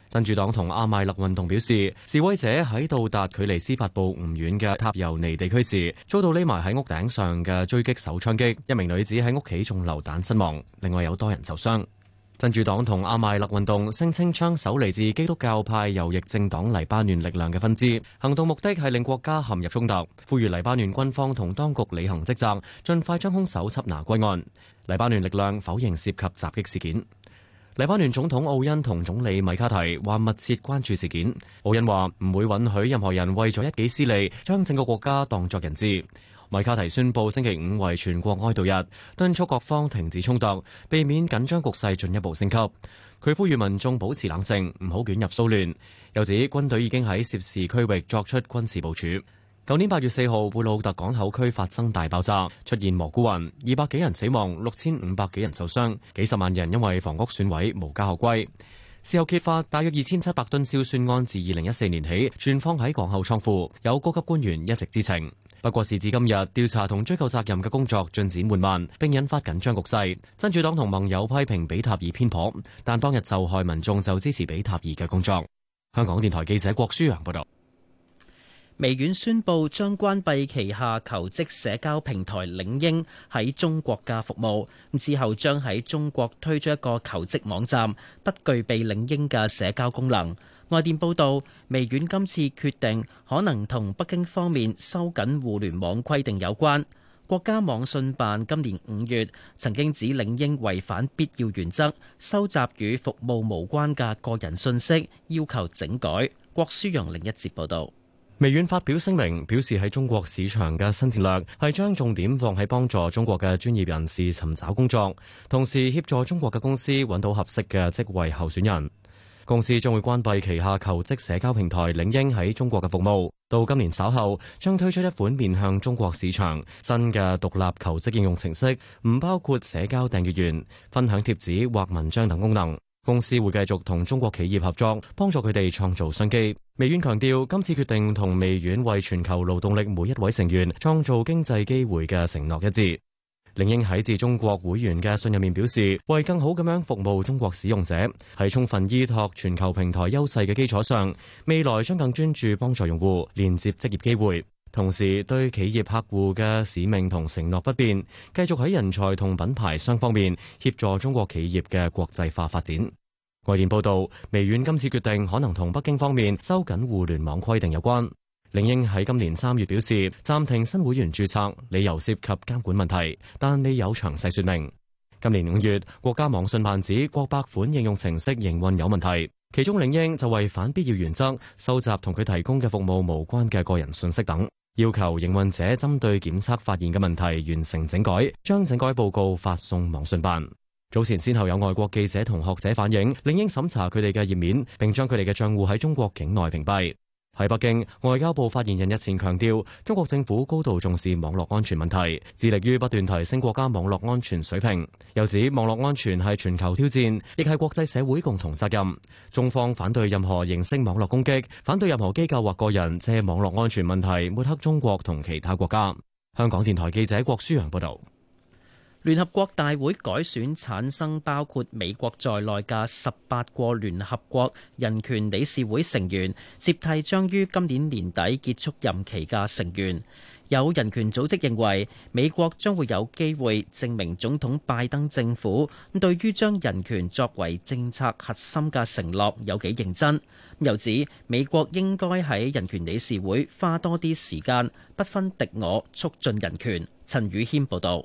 Speaker 2: 真主黨同阿麥勒運動表示，示威者喺到達距離司法部唔遠嘅塔尤尼地區時，遭到匿埋喺屋頂上嘅狙擊手槍擊，一名女子喺屋企中流彈身亡，另外有多人受傷。真主黨同阿麥勒運動聲稱槍手嚟自基督教派右翼政黨黎巴嫩力量嘅分支，行動目的係令國家陷入衝突，呼籲黎巴嫩軍方同當局履行職責，盡快將兇手緝拿歸案。黎巴嫩力量否認涉及襲擊事件。黎巴嫩總統奧恩同總理米卡提話密切關注事件。奧恩話唔會允許任何人為咗一己私利將整個國家當作人質。米卡提宣布星期五為全國哀悼日，敦促各方停止衝突，避免緊張局勢進一步升級。佢呼籲民眾保持冷靜，唔好捲入騷亂。又指軍隊已經喺涉事區域作出軍事部署。舊年八月四號，貝魯特港口區發生大爆炸，出現蘑菇雲，二百幾人死亡，六千五百幾人受傷，幾十萬人因為房屋損毀無家可歸。事後揭發，大約二千七百噸硝酸胺自二零一四年起存放喺港口倉庫，有高級官員一直知情。不過，時至今日，調查同追究責任嘅工作進展緩慢，並引發緊張局勢。真主黨同盟友批評比塔爾偏頗，但當日受害民眾就支持
Speaker 8: 比塔爾嘅工作。香港電台記者郭舒揚報道。微軟宣布，將關閉旗下求職社交平台領英喺中國嘅服務，之後將喺中國推出一個求職網站，不具備領英嘅社交功能。外電報道，微軟今次決定可能同北京方面收緊互聯網規定有關。國家網信辦今年五月曾經指領英違反必要原則，收集與服務無關嘅個人信息，要求整改。郭書陽另一節報道。微軟發表聲明，
Speaker 2: 表示喺中國市場嘅新戰略係將重點放喺幫助中國嘅專業人士尋找工作，同時協助中國嘅公司揾到合適嘅職位候選人。公司將會關閉旗下求職社交平台領英喺中國嘅服務，到今年稍後將推出一款面向中國市場新嘅獨立求職應用程式，唔包括社交訂閱員、分享帖子或文章等功能。公司會繼續同中國企業合作，幫助佢哋創造商機。微軟強調，今次決定同微軟為全球勞動力每一位成員創造經濟機會嘅承諾一致。領英喺致中國會員嘅信入面表示，為更好咁樣服務中國使用者，喺充分依託全球平台優勢嘅基礎上，未來將更專注幫助用戶連接職業機會，同時對企業客戶嘅使命同承諾不變，繼續喺人才同品牌雙方面協助中國企業嘅國際化發展。外電報道，微軟今次決定可能同北京方面收緊互聯網規定有關。領英喺今年三月表示暫停新會員註冊，理由涉及監管問題，但未有詳細說明。今年五月，國家網信辦指國百款應用程式營運有問題，其中領英就違反必要原則收集同佢提供嘅服務無關嘅個人信息等，要求營運者針對檢測發現嘅問題完成整改，將整改報告發送網信辦。早前先後有外國記者同學者反映，領英審查佢哋嘅頁面，並將佢哋嘅賬戶喺中國境內屏蔽。喺北京，外交部發言人日前強調，中國政府高度重視網絡安全問題，致力於不斷提升國家網絡安全水平。又指網絡安全係全球挑戰，亦係國際社會共同責任。中方反對任何形式網絡攻擊，反對任何機構或個人借網絡安全問題抹
Speaker 8: 黑中國同其他國家。香港電台記者郭舒陽報道。聯合國大會改選產生包括美國在內嘅十八個聯合國人權理事會成員，接替將於今年年底結束任期嘅成員。有人權組織認為，美國將會有機會證明總統拜登政府對於將人權作為政策核心嘅承諾有幾認真。又指美國應該喺人權理事會花多啲時間，不分敵我，促進人權。陳宇軒報道。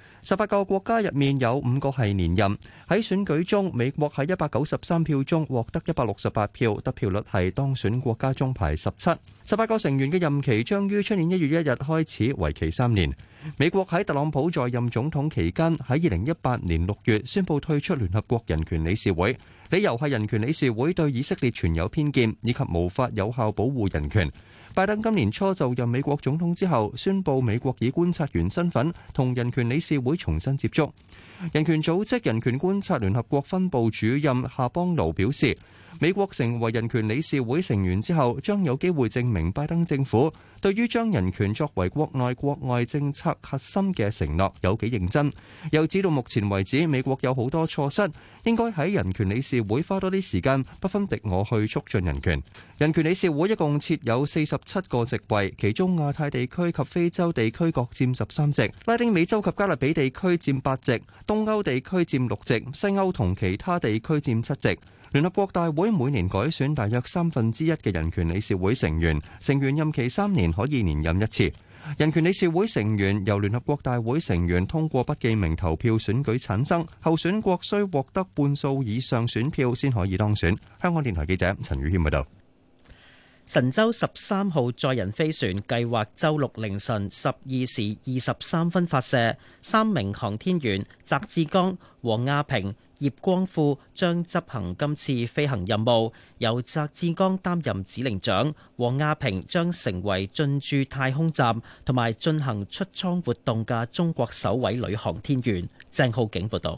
Speaker 12: 十八個國家入面有五個係連任。喺選舉中，美國喺一百九十三票中獲得一百六十八票，得票率係當選國家中排十七。十八個成員嘅任期將於出年一月一日開始，為期三年。美國喺特朗普在任總統期間，喺二零一八年六月宣布退出聯合國人權理事會，理由係人權理事會對以色列存有偏見，以及無法有效保護人權。拜登今年初就任美國總統之後，宣布美國以觀察員身份同人權理事會重新接觸。人權組織人權觀察聯合國分部主任夏邦奴表示。美國成為人權理事會成員之後，將有機會證明拜登政府對於將人權作為國內國外政策核心嘅承諾有幾認真。又指到目前為止，美國有好多錯失，應該喺人權理事會花多啲時間不分敵我去促進人權。人權理事會一共設有四十七個席位，其中亞太地區及非洲地區各佔十三席，拉丁美洲及加勒比地區佔八席，東歐地區佔六席，西歐同其他地區佔七席。聯合國大會每年改選大約三分之一嘅人權理事會成員，成員任期三年，可以連任一次。人權理事會成員由聯合國大會成員通過不記名投票選舉產生，候選國需獲得半數以上選票先可以當選。香
Speaker 8: 港電台記者陳宇軒報導。神舟十三號載人飛船計劃周六凌晨十二時二十三分發射，三名航天員翟志剛、王亞平、葉光富將執行今次飛行任務，由翟志剛擔任指令長，王亞平將成為進駐太空站同埋進行出艙活動嘅中國首位女航天員。鄭浩景報道。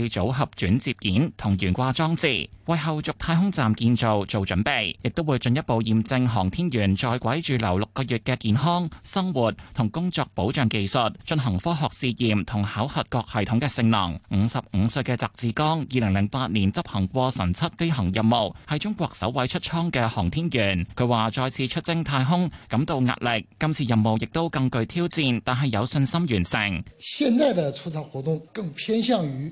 Speaker 13: 組合轉接件同懸掛裝置，為後續太空站建造做準備，亦都會進一步驗證航天員在軌駐留六個月嘅健康、生活同工作保障技術，進行科學試驗同考核各系統嘅性能。五十五歲嘅翟志剛，二零零八年執行過神七飛行任務，係中國首位出艙嘅航天員。佢話再次出征太空感到壓力，今次任務亦都更具挑戰，但係有信心完成。
Speaker 14: 現在的出艙活動更偏向於。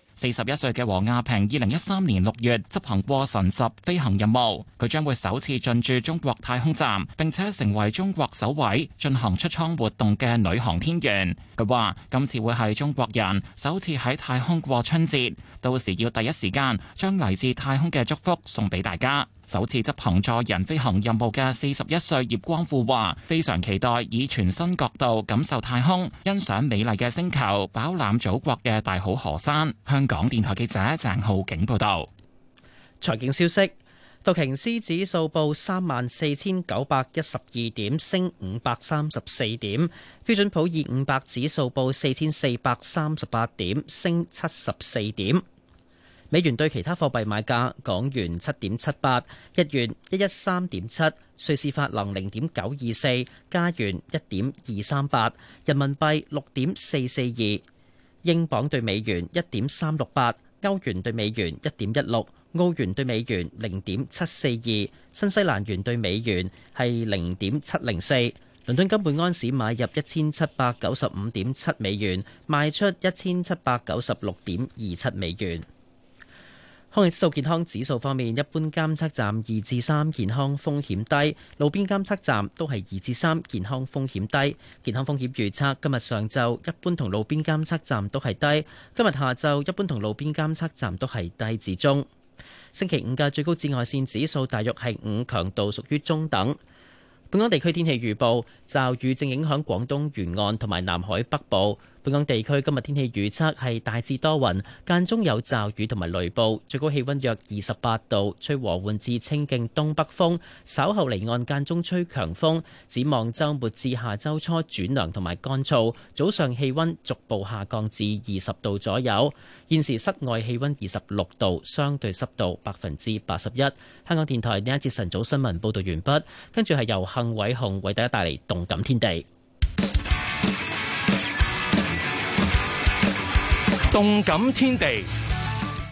Speaker 13: 四十一歲嘅王亞平，二零一三年六月執行過神十飛行任務，佢將會首次進駐中國太空站，並且成為中國首位進行出艙活動嘅女航天員。佢話：今次會係中國人首次喺太空過春節，到時要第一時間將嚟自太空嘅祝福送俾大家。首次執行載人飛行任務嘅四十一歲葉光富話：非常期待以全新角度感受太空，欣賞美麗嘅星球，飽
Speaker 8: 覽祖國嘅大好河山。香港電台記者鄭浩景報道。財經消息：道瓊斯指數報三萬四千九百一十二點，升五百三十四點；標準普爾五百指數報四千四百三十八點，升七十四點。美元對其他貨幣買價，港元七點七八，日元一一三點七，瑞士法郎零點九二四，加元一點二三八，人民幣六點四四二，英鎊對美元一點三六八，歐元對美元一點一六，澳元對美元零點七四二，新西蘭元對美元係零點七零四。倫敦金本安士買入一千七百九十五點七美元，賣出一千七百九十六點二七美元。空氣質素健康指數方面，一般監測站二至三，健康風險低；路邊監測站都係二至三，健康風險低。健康風險預測今日上晝一般同路邊監測站都係低，今日下晝一般同路邊監測站都係低至中。星期五嘅最高紫外線指數大約係五，強度屬於中等。本港地區天氣預報，驟雨正影響廣東沿岸同埋南海北部。本港地區今日天氣預測係大致多雲，間中有驟雨同埋雷暴，最高氣溫約二十八度，吹和緩至清勁東北風，稍後離岸間中吹強風。展望周末至下周初轉涼同埋乾燥，早上氣溫逐步下降至二十度左右。現時室外氣溫二十六度，相對濕度百分之八十一。香港電台第一節晨早新聞報道完畢，跟住係由幸偉雄為大家帶嚟動感天地。動感天地，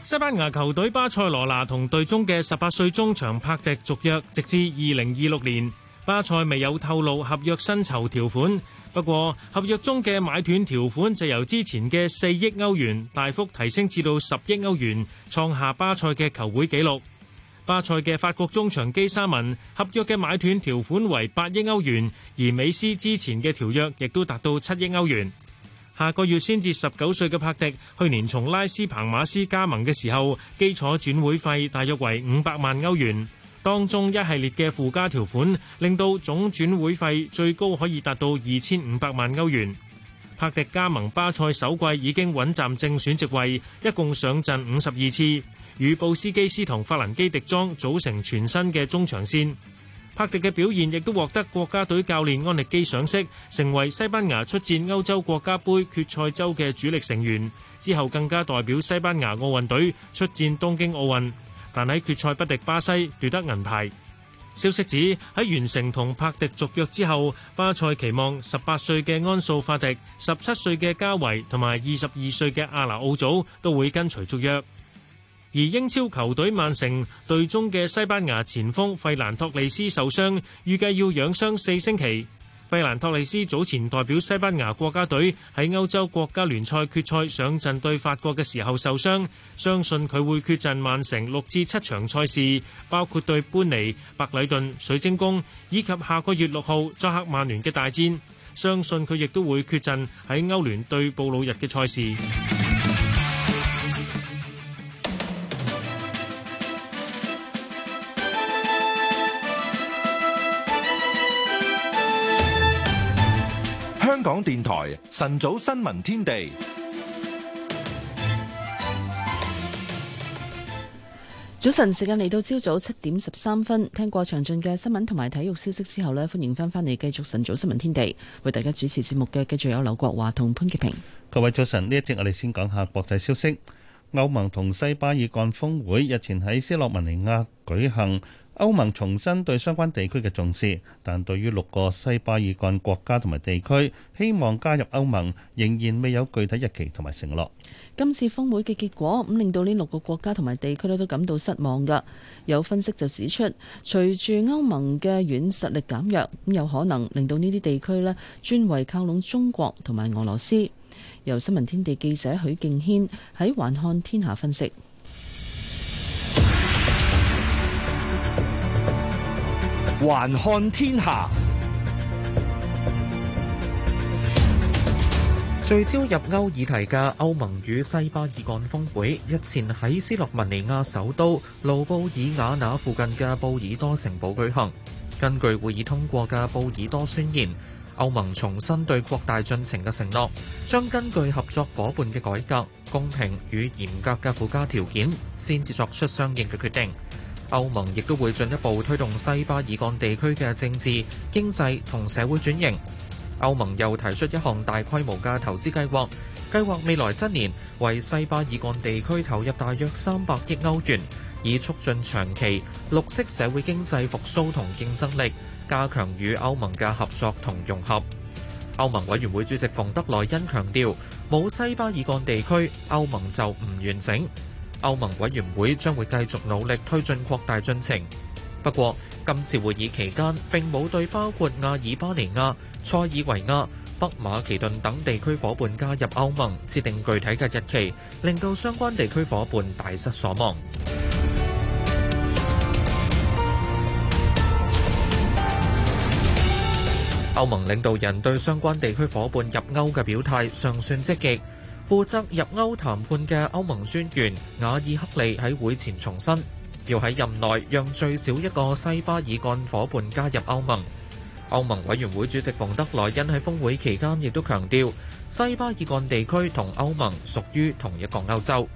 Speaker 8: 西班牙球隊巴塞羅那同
Speaker 15: 隊中嘅十八歲中場柏迪續約，直至二零二六年。巴塞未有透露合約薪酬條款，不過合約中嘅買斷條款就由之前嘅四億歐元大幅提升至到十億歐元，創下巴塞嘅球會紀錄。巴塞嘅法國中場基沙文合約嘅買斷條款為八億歐元，而美斯之前嘅條約亦都達到七億歐元。下個月先至十九歲嘅帕迪，去年從拉斯彭馬斯加盟嘅時候，基礎轉會費大約為五百萬歐元，當中一系列嘅附加條款令到總轉會費最高可以達到二千五百萬歐元。帕迪加盟巴塞首季已經穩站正選席位，一共上陣五十二次，與布斯基斯同法蘭基迪莊組成全新嘅中場線。帕迪嘅表現亦都獲得國家隊教練安力基賞識，成為西班牙出戰歐洲國家盃決賽周嘅主力成員，之後更加代表西班牙奧運隊出戰東京奧運，但喺決賽不敵巴西，奪得銀牌。消息指喺完成同帕迪續約之後，巴塞期望十八歲嘅安素法迪、十七歲嘅加維同埋二十二歲嘅阿拿奧祖都會跟隨續約。而英超球隊曼城隊中嘅西班牙前鋒費蘭托利斯受傷，預計要養傷四星期。費蘭托利斯早前代表西班牙國家隊喺歐洲國家聯賽決賽上陣對法國嘅時候受傷，相信佢會缺陣曼城六至七場賽事，包括對般尼、白禮頓、水晶宮以及下個月六號作客曼聯嘅大戰。相信佢亦都會缺陣喺歐聯對布魯日嘅賽事。
Speaker 1: 電台晨早新聞天地，
Speaker 3: 早晨時間嚟到朝早七點十三分，聽過詳盡嘅新聞同埋體育消息之後咧，歡迎翻翻嚟繼續晨早新聞天地，為大家主持節目嘅繼續有劉國華同潘潔平。
Speaker 4: 各位早晨，呢一節我哋先講下國際消息，歐盟同西巴爾幹峰會日前喺斯洛文尼亞舉行。歐盟重申對相關地區嘅重視，但對於六個西巴爾幹國家同埋地區希望加入歐盟，仍然未有具體日期同埋承諾。
Speaker 3: 今次峰會嘅結果咁令到呢六個國家同埋地區咧都感到失望嘅。有分析就指出，隨住歐盟嘅軟實力減弱，咁有可能令到呢啲地區咧專為靠攏中國同埋俄羅斯。由新聞天地記者許敬軒喺環看天下分析。
Speaker 9: 環看天
Speaker 3: 下，
Speaker 1: 聚焦入歐議題嘅歐盟與西巴爾幹峰會日前喺斯洛文尼亞首都盧布爾雅那附近嘅布爾多城堡舉行。根據會議通過嘅布爾多宣言，歐盟重新對擴大進程嘅承諾，將根據合作伙伴嘅改革、公平與嚴格嘅附加條件，先至作出相應嘅決定。歐盟亦都會進一步推動西巴爾幹地區嘅政治、經濟同社會轉型。歐盟又提出一項大規模嘅投資計劃，計劃未來七年為西巴爾幹地區投入大約三百億歐元，以促進長期綠色社會經濟復甦同競爭力，加強與歐盟嘅合作同融合。歐盟委員會主席馮德萊恩強調，冇西巴爾幹地區，歐盟就唔完整。歐盟委員會將會繼續努力推進擴大進程，不過今次會議期間並冇對包括阿爾巴尼亞、塞爾維亞、北馬其頓等地區伙伴加入歐盟設定具體嘅日期，令到相關地區伙伴大失所望。歐 盟領導人對相關地區伙伴入歐嘅表態尚算積極。負責入歐談判嘅歐盟專員瓦爾克利喺會前重申，要喺任內讓最少一個西巴爾幹伙伴加入歐盟。歐盟委員會主席馮德萊恩喺峰會期間亦都強調，西巴爾幹地區同歐盟屬於同一個歐洲。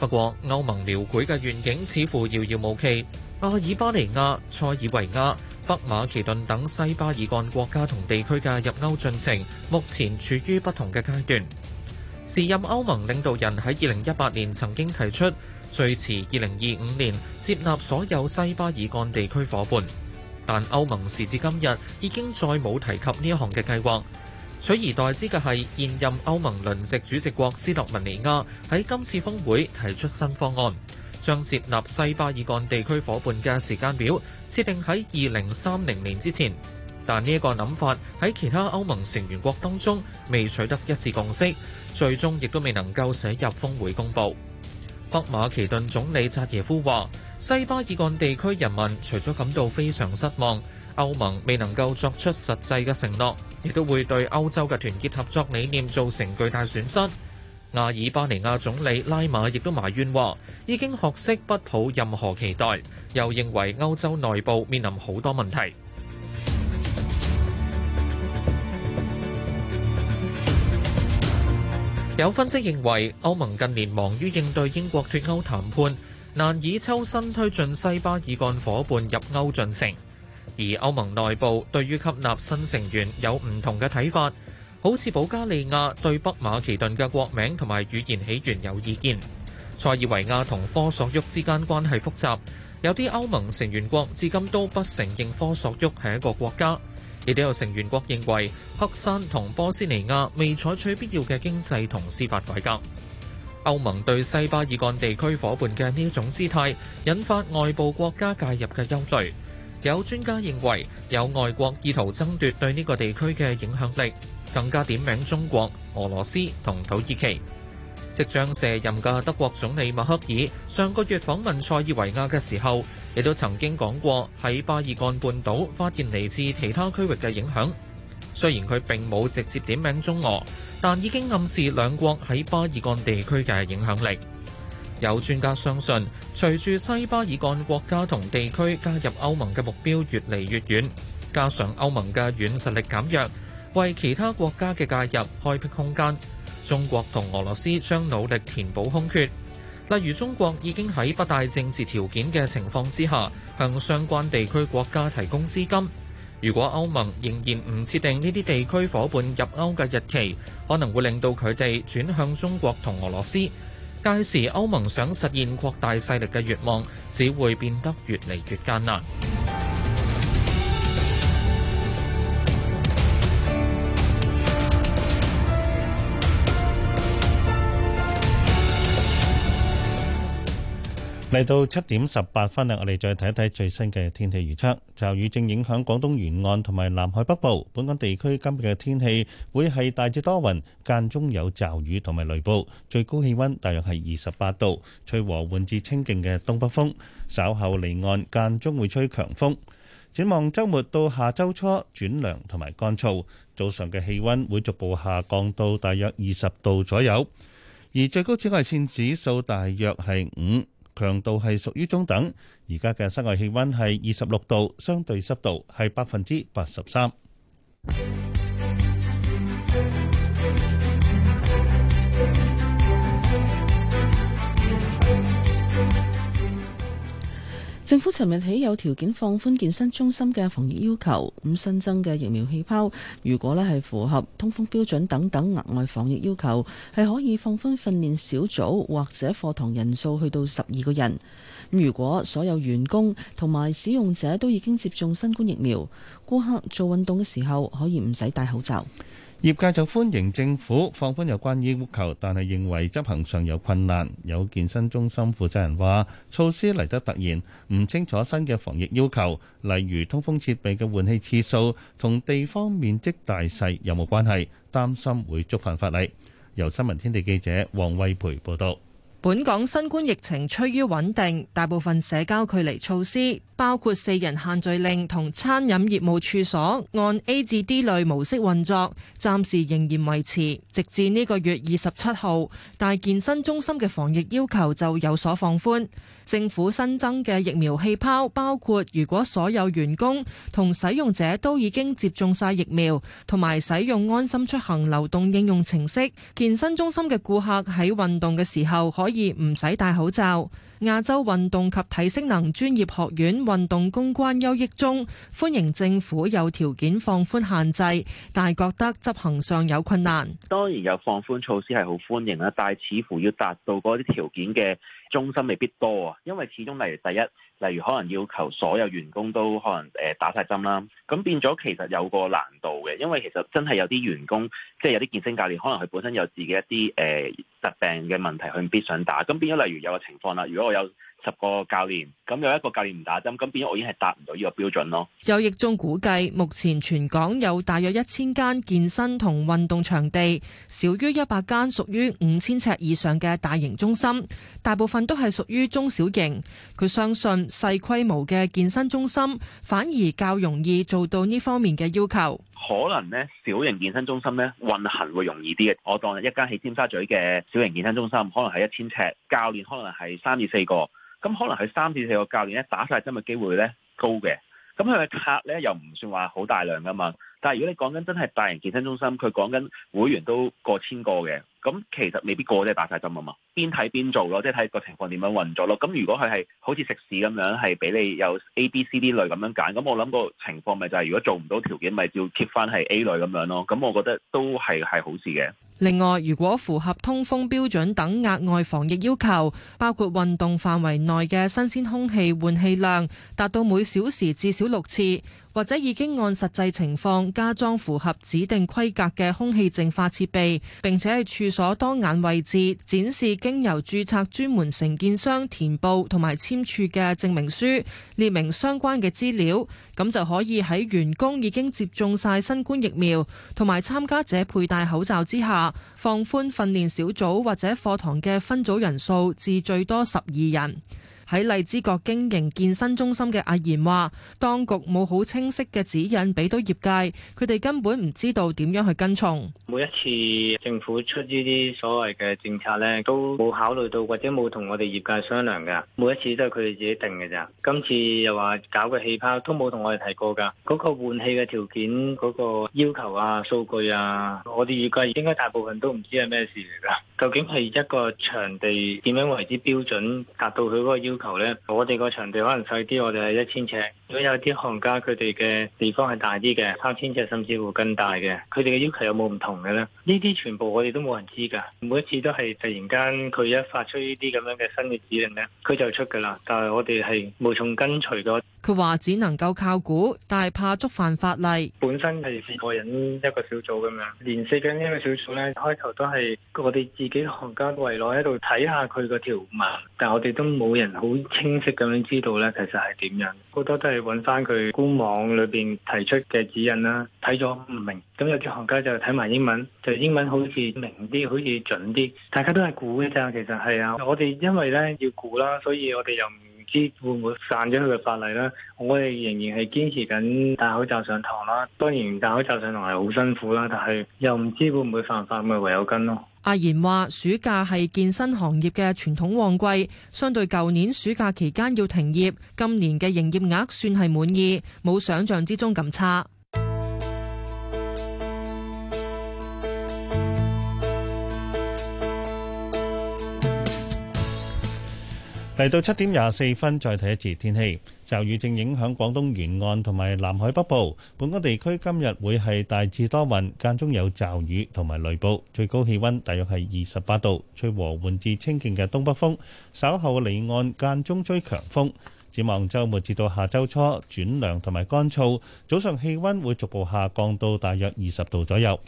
Speaker 1: 不過，歐盟描繪嘅願景似乎遙遙無期。阿爾巴尼亞、塞爾維亞、北馬其頓等西巴爾幹國家同地區嘅入歐進程，目前處於不同嘅階段。時任歐盟領導人喺二零一八年曾經提出，最遲二零二五年接納所有西巴爾幹地區伙伴，但歐盟時至今日已經再冇提及呢一項嘅計劃，取而代之嘅係現任歐盟輪值主席國斯洛文尼亞喺今次峰會提出新方案，將接納西巴爾幹地區伙伴嘅時間表設定喺二零三零年之前，但呢一個諗法喺其他歐盟成員國當中未取得一致共識。最終亦都未能夠寫入峰會公佈。北馬其頓總理扎耶夫話：西巴爾干地區人民除咗感到非常失望，歐盟未能夠作出實際嘅承諾，亦都會對歐洲嘅團結合作理念造成巨大損失。阿爾巴尼亞總理拉馬亦都埋怨話：已經學識不抱任何期待，又認為歐洲內部面臨好多問題。有分析認為，歐盟近年忙於應對英國脱歐談判，難以抽身推進西巴爾幹伙伴入歐進程。而歐盟內部對於吸納新成員有唔同嘅睇法，好似保加利亞對北馬其頓嘅國名同埋語言起源有意見。塞爾維亞同科索沃之間關係複雜，有啲歐盟成員國至今都不承認科索沃係一個國家。亦都有成員國認為黑山同波斯尼亞未採取必要嘅經濟同司法改革。歐盟對西巴爾幹地區伙伴嘅呢種姿態，引發外部國家介入嘅憂慮。有專家認為有外國意圖爭奪對呢個地區嘅影響力，更加點名中國、俄羅斯同土耳其。即將卸任嘅德國總理默克爾上個月訪問塞爾維亞嘅時候，亦都曾經講過喺巴爾幹半島發現嚟自其他區域嘅影響。雖然佢並冇直接點名中俄，但已經暗示兩國喺巴爾幹地區嘅影響力。有專家相信，隨住西巴爾幹國家同地區加入歐盟嘅目標越嚟越遠，加上歐盟嘅軟實力減弱，為其他國家嘅介入開闢空間。中國同俄羅斯將努力填補空缺，例如中國已經喺不帶政治條件嘅情況之下，向相關地區國家提供資金。如果歐盟仍然唔設定呢啲地區夥伴入歐嘅日期，可能會令到佢哋轉向中國同俄羅斯，屆時歐盟想實現擴大勢力嘅願望，只會變得越嚟越艱難。
Speaker 4: 嚟到七點十八分啦，我哋再睇一睇最新嘅天氣預測。驟雨正影響廣東沿岸同埋南海北部，本港地區今日嘅天氣會係大致多雲，間中有驟雨同埋雷暴，最高氣温大約係二十八度，吹和緩至清勁嘅東北風。稍後離岸間中會吹強風。展望週末到下周初轉涼同埋乾燥，早上嘅氣温會逐步下降到大約二十度左右，而最高紫外線指數大約係五。強度係屬於中等，而家嘅室外氣温係二十六度，相對濕度係百分之八十三。
Speaker 3: 政府尋日起有條件放寬健身中心嘅防疫要求，咁新增嘅疫苗氣泡，如果咧係符合通風標準等等額外防疫要求，係可以放寬訓練小組或者課堂人數去到十二個人。如果所有員工同埋使用者都已經接種新冠疫苗，顧客做運動嘅時候可以唔使戴口罩。
Speaker 4: 業界就歡迎政府放寬有關要求，但係認為執行上有困難。有健身中心負責人話：措施嚟得突然，唔清楚新嘅防疫要求，例如通風設備嘅換氣次數同地方面積大細有冇關係，擔心會觸犯法例。由新聞天地記者黃慧培報道。
Speaker 9: 本港新冠疫情趨於穩定，大部分社交距離措施，包括四人限聚令同餐飲業務處所按 A 至 D 類模式運作，暫時仍然維持，直至呢個月二十七號。大健身中心嘅防疫要求就有所放寬。政府新增嘅疫苗氣泡包括，如果所有員工同使用者都已經接種晒疫苗，同埋使用安心出行流動應用程式，健身中心嘅顧客喺運動嘅時候可以唔使戴口罩。亞洲運動及體適能專業學院運動公關邱益中歡迎政府有條件放寬限制，但係覺得執行上有困難。
Speaker 16: 當然有放寬措施係好歡迎啊，但係似乎要達到嗰啲條件嘅。中心未必多啊，因為始終例如第一，例如可能要求所有員工都可能誒、呃、打晒針啦，咁變咗其實有個難度嘅，因為其實真係有啲員工即係有啲健身教練，可能佢本身有自己一啲誒、呃、疾病嘅問題，佢唔必想打，咁變咗例如有個情況啦，如果我有十個教練，咁有一個教練唔打針，咁變咗我已經係達唔到呢個標準咯。
Speaker 9: 有業中估計，目前全港有大約一千間健身同運動場地，少於一百間屬於五千尺以上嘅大型中心，大部分都係屬於中小型。佢相信細規模嘅健身中心反而較容易做到呢方面嘅要求。
Speaker 16: 可能呢小型健身中心呢，運行會容易啲。我當日一間喺尖沙咀嘅小型健身中心，可能係一千尺，教練可能係三至四個。咁可能係三至四個教練咧，打晒針嘅機會咧高嘅，咁佢嘅卡咧又唔算話好大量噶嘛。但係，如果你講緊真係大型健身中心，佢講緊會員都過千個嘅，咁其實未必個個都打曬針啊嘛。邊睇邊做咯，即係睇個情況點樣運作咯。咁如果佢係好似食肆咁樣，係俾你有 A、B、C、D 類咁樣揀，咁我諗個情況咪就係如果做唔到條件，咪照 keep 翻係 A 類咁樣咯。咁我覺得都係係好事嘅。
Speaker 9: 另外，如果符合通風標準等額外防疫要求，包括運動範圍內嘅新鮮空氣換氣量達到每小時至少六次。或者已經按實際情況加裝符合指定規格嘅空氣淨化設備，並且喺處所當眼位置展示經由註冊專門承建商填報同埋簽署嘅證明書，列明相關嘅資料，咁就可以喺員工已經接種晒新冠疫苗同埋參加者佩戴口罩之下，放寬訓練小組或者課堂嘅分組人數至最多十二人。喺荔枝角經營健身中心嘅阿賢話，當局冇好清晰嘅指引俾到業界，佢哋根本唔知道點樣去跟從。
Speaker 10: 每一次政府出呢啲所謂嘅政策咧，都冇考慮到或者冇同我哋業界商量㗎，每一次都係佢哋自己定嘅咋。今次又話搞個氣泡都冇同我哋提過噶，嗰、那個換氣嘅條件，嗰、那個要求啊、數據啊，我哋預計應該大部分都唔知係咩事嚟㗎。究竟係一個場地點樣為之標準，達到佢嗰個要求呢？我哋個場地可能細啲，我哋係一千尺。如果有啲行家佢哋嘅地方係大啲嘅，三千尺甚至乎更大嘅，佢哋嘅要求有冇唔同嘅呢？呢啲全部我哋都冇人知噶。每一次都係突然間佢一發出呢啲咁樣嘅新嘅指令呢，佢就出噶啦。但係我哋係無從跟隨咗。
Speaker 9: 佢話只能夠靠估，但係怕觸犯法例。
Speaker 10: 本身係四個人一個小組咁樣，連四個人一個小組咧，開頭都係我哋自己行家圍內喺度睇下佢個條文，但係我哋都冇人好清晰咁樣知道咧，其實係點樣？好多都係揾翻佢官網裏邊提出嘅指引啦，睇咗唔明。咁有啲行家就睇埋英文，就英文好似明啲，好似準啲。大家都係估嘅咋，其實係啊。我哋因為咧要估啦，所以我哋又唔知會唔會散咗佢嘅法例啦？我哋仍然係堅持緊戴口罩上堂啦。當然，戴口罩上堂係好辛苦啦，但係又唔知會唔會犯法，咪唯有跟咯。
Speaker 9: 阿賢話：暑假係健身行業嘅傳統旺季，相對舊年暑假期間要停業，今年嘅營業額算係滿意，冇想像之中咁差。
Speaker 4: 嚟到七點廿四分，再睇一次天氣。驟雨正影響廣東沿岸同埋南海北部，本港地區今日會係大致多雲，間中有驟雨同埋雷暴，最高氣温大約係二十八度，吹和緩至清勁嘅東北風，稍後離岸間中吹強風。展望週末至到下周初轉涼同埋乾燥，早上氣温會逐步下降到大約二十度左右。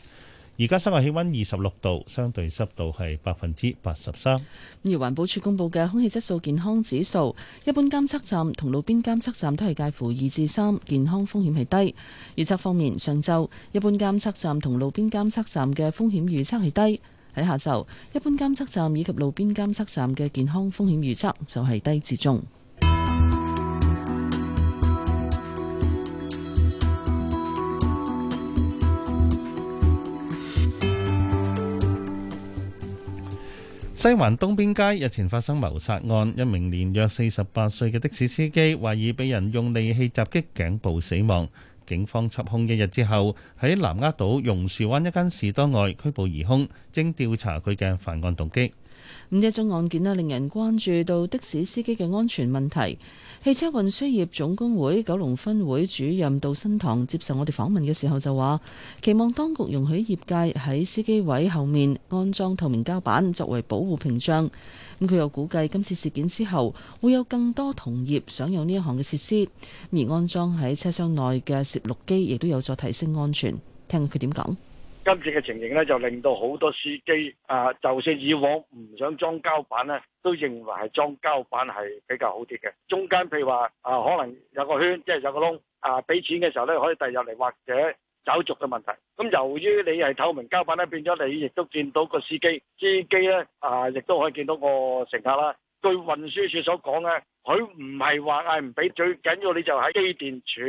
Speaker 4: 而家室外氣温二十六度，相對濕度係百分之八十三。
Speaker 3: 而環保署公布嘅空氣質素健康指數，一般監測站同路邊監測站都係介乎二至三，健康風險係低。預測方面，上晝一般監測站同路邊監測站嘅風險預測係低；喺下晝一般監測站以及路邊監測站嘅健康風險預測就係低至中。
Speaker 4: 西環東邊街日前發生謀殺案，一名年約四十八歲嘅的，的士司機懷疑被人用利器襲擊頸部死亡。警方襲控一日之後，喺南丫島榕樹灣一間士多外拘捕疑凶，正調查佢嘅犯案動機。
Speaker 3: 咁一種案件咧，令人關注到的士司機嘅安全問題。汽車運輸業總工會九龍分會主任杜新堂接受我哋訪問嘅時候就話：期望當局容許業界喺司機位後面安裝透明膠板作為保護屏障。咁佢又估計今次事件之後，會有更多同業想有呢一項嘅設施，而安裝喺車廂內嘅攝錄機亦都有助提升安全。聽佢點講？
Speaker 17: 今次嘅情形咧，就令到好多司機啊，就算以往唔想裝膠板咧，都認為係裝膠板係比較好啲嘅。中間譬如話啊，可能有個圈，即係有個窿啊，俾錢嘅時候咧，可以遞入嚟或者走續嘅問題。咁啊，由於你係透明膠板咧，變咗你亦都見到個司機，司機咧啊，亦都可以見到個乘客啦。據運輸署所講咧，佢唔係話嗌唔俾，最緊要你就喺機電署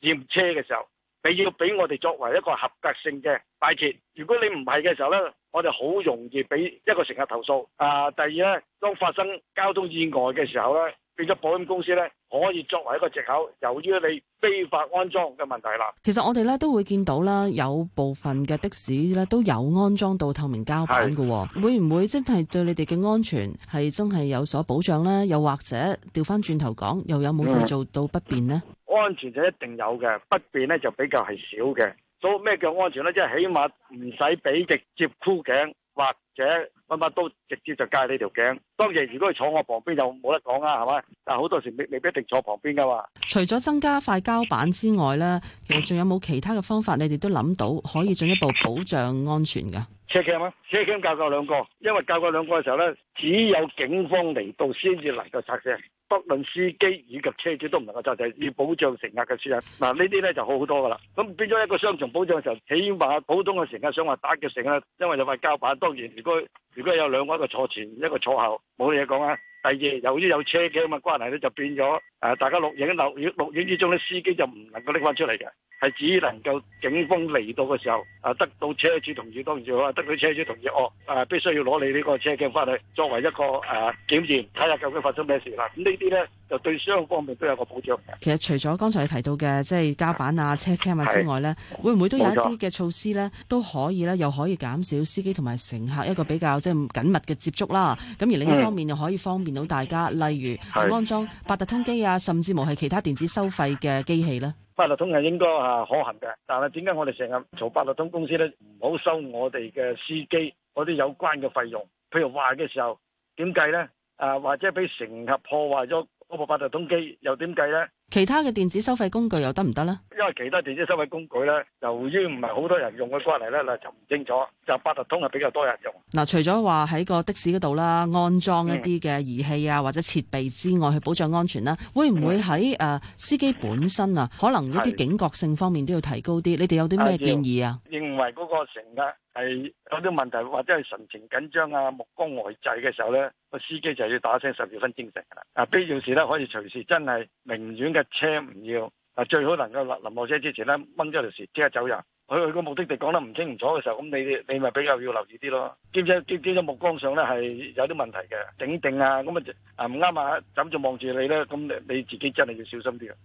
Speaker 17: 驗車嘅時候。你要俾我哋作為一個合格性嘅快捷，如果你唔係嘅時候咧，我哋好容易俾一個乘客投訴。啊，第二咧，當發生交通意外嘅時候咧。變咗保險公司咧，可以作為一個藉口，由於你非法安裝嘅問題啦。
Speaker 3: 其實我哋咧都會見到啦，有部分嘅的、的士咧都有安裝到透明膠板噶，是會唔會即係對你哋嘅安全係真係有所保障咧？又或者調翻轉頭講，又有冇製造到不便呢？嗯、
Speaker 17: 安全就一定有嘅，不便咧就比較係少嘅。所、so, 咩叫安全咧？即係起碼唔使俾直接箍頸。或者乜乜都直接就戒你條頸，當然如果佢坐我旁邊就冇得講啦，係咪？但係好多時未未必一定坐旁邊噶嘛。
Speaker 3: 除咗增加塊膠板之外咧，其實仲有冇其他嘅方法？你哋都諗到可以進一步保障安全噶？
Speaker 17: 車 cam 啊，車 cam 教過兩個，因為教過兩個嘅時候咧，只有警方嚟到先至能夠拆卸，不論司機以及車主都唔能夠拆卸，就係要保障乘客嘅私隱。嗱，呢啲咧就好好多噶啦，咁變咗一個雙重保障嘅時候，起碼普通嘅乘客想話打劫乘客，因為有塊膠板，當然如果如果有兩個一個坐前一個坐後，冇嘢講啊。第二，由於有車 cam 咁嘅關係咧，就變咗誒，大家錄影留影錄影之中咧，司機就唔能夠拎翻出嚟嘅，係只能夠警方嚟到嘅時候，誒得到車主同意，當然我話得到車主同意，哦，誒必須要攞你呢個車 cam 翻嚟，作為一個誒檢驗，睇下究竟發生咩事啦。咁呢啲咧就對雙方面都有個保障。
Speaker 3: 其實除咗剛才你提到嘅即係膠板啊、 車 cam 啊之外咧， 會唔會都有一啲嘅措施咧，都可以咧，又可以減少司機同埋乘客一個比較即係、就是、緊密嘅接觸啦。咁而另一方面又 可以方便到大家，例如係安裝八達通機啊，甚至乎係其他電子收費嘅機器咧。
Speaker 17: 八達通係應該啊可行嘅，但係點解我哋成日嘈八達通公司咧唔好收我哋嘅司機嗰啲有關嘅費用？譬如壞嘅時候點計咧？啊，或者俾乘客破壞咗嗰部八達通機又點計
Speaker 3: 咧？其他嘅電子收費工具又得唔得咧？
Speaker 17: 因為其他電子收費工具咧，由於唔係好多人用嘅關係咧，嗱就唔清楚。就八達通係比較多人用。
Speaker 3: 嗱、啊，除咗話喺個的士嗰度啦，安裝一啲嘅儀器啊或者設備之外，去保障安全啦、啊，會唔會喺誒、呃嗯、司機本身啊，可能一啲警覺性方面都要提高啲？是你哋有啲咩建議啊？
Speaker 17: 認為嗰個乘客係有啲問題或者係神情緊張啊、目光呆滯嘅時候咧，個司機就要打醒十二分精神噶啦。啊，必要時咧可以隨時真係寧願。嘅車唔要，啊最好能夠臨落車之前咧，掹咗條匙即刻走人。佢去個目的地講得唔清唔楚嘅時候，咁你你咪比較要留意啲咯。兼且兼兼咗目光上咧係有啲問題嘅，整定啊咁啊啊唔啱啊，就咁就望住你咧，咁你自己真係要小心啲啊。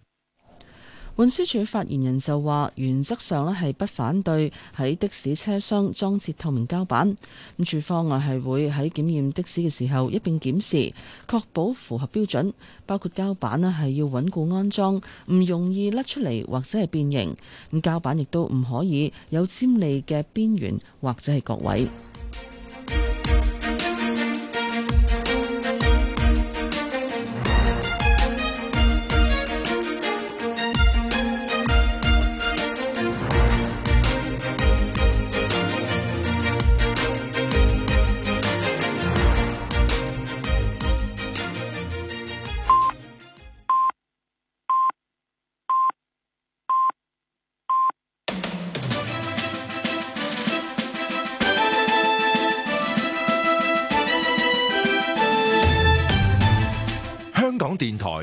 Speaker 3: 運輸署發言人就話，原則上咧係不反對喺的士車廂裝設透明膠板，咁署方係會喺檢驗的士嘅時候一併檢視，確保符合標準，包括膠板咧係要穩固安裝，唔容易甩出嚟，或者係變形，咁膠板亦都唔可以有尖利嘅邊緣或者係角位。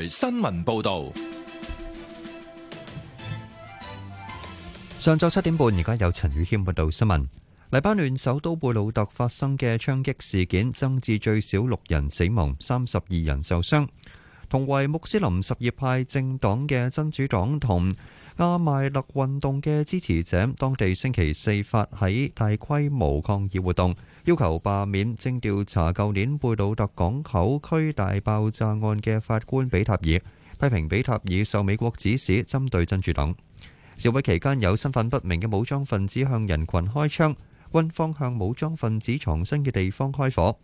Speaker 1: 新聞報道。
Speaker 12: 上晝七點半，而家有陳宇謙報道新聞。黎巴嫩首都貝魯特發生嘅槍擊事件，增至最少六人死亡、三十二人受傷。同為穆斯林什葉派政黨嘅真主黨同阿邁勒運動嘅支持者，當地星期四發起大規模抗議活動。要求罷免正調查舊年貝魯特港口區大爆炸案嘅法官比塔爾，批評比塔爾受美國指使針對真主黨。示威期間有身份不明嘅武裝分子向人群開槍，軍方向武裝分子藏身嘅地方開火。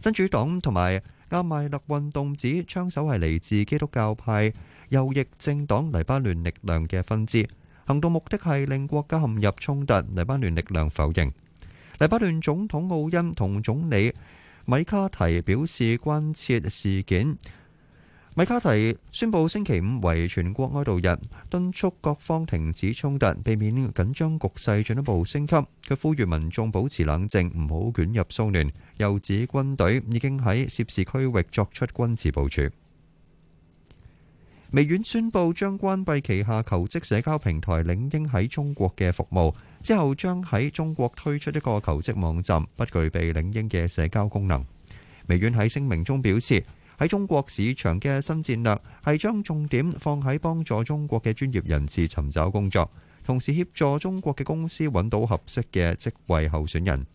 Speaker 12: 真主黨同埋阿邁勒運動指槍手係嚟自基督教派右翼政黨黎巴嫩力量嘅分支，行動目的係令國家陷入衝突。黎巴嫩力量否認。黎巴嫩總統奧恩同總理米卡提表示關切事件。米卡提宣布星期五為全國哀悼日，敦促各方停止衝突，避免緊張局勢進一步升級，佢呼籲民眾保持冷靜，唔好捲入騷亂。又指軍隊已經喺涉事區域作出軍事部署。微軟宣布將關閉旗下求職社交平台領英喺中國嘅服務。之後將喺中國推出一個求職網站，不具備領英嘅社交功能。微軟喺聲明中表示，喺中國市場嘅新戰略係將重點放喺幫助中國嘅專業人士尋找工作，同時協助中國嘅公司揾到合適嘅職位候選人。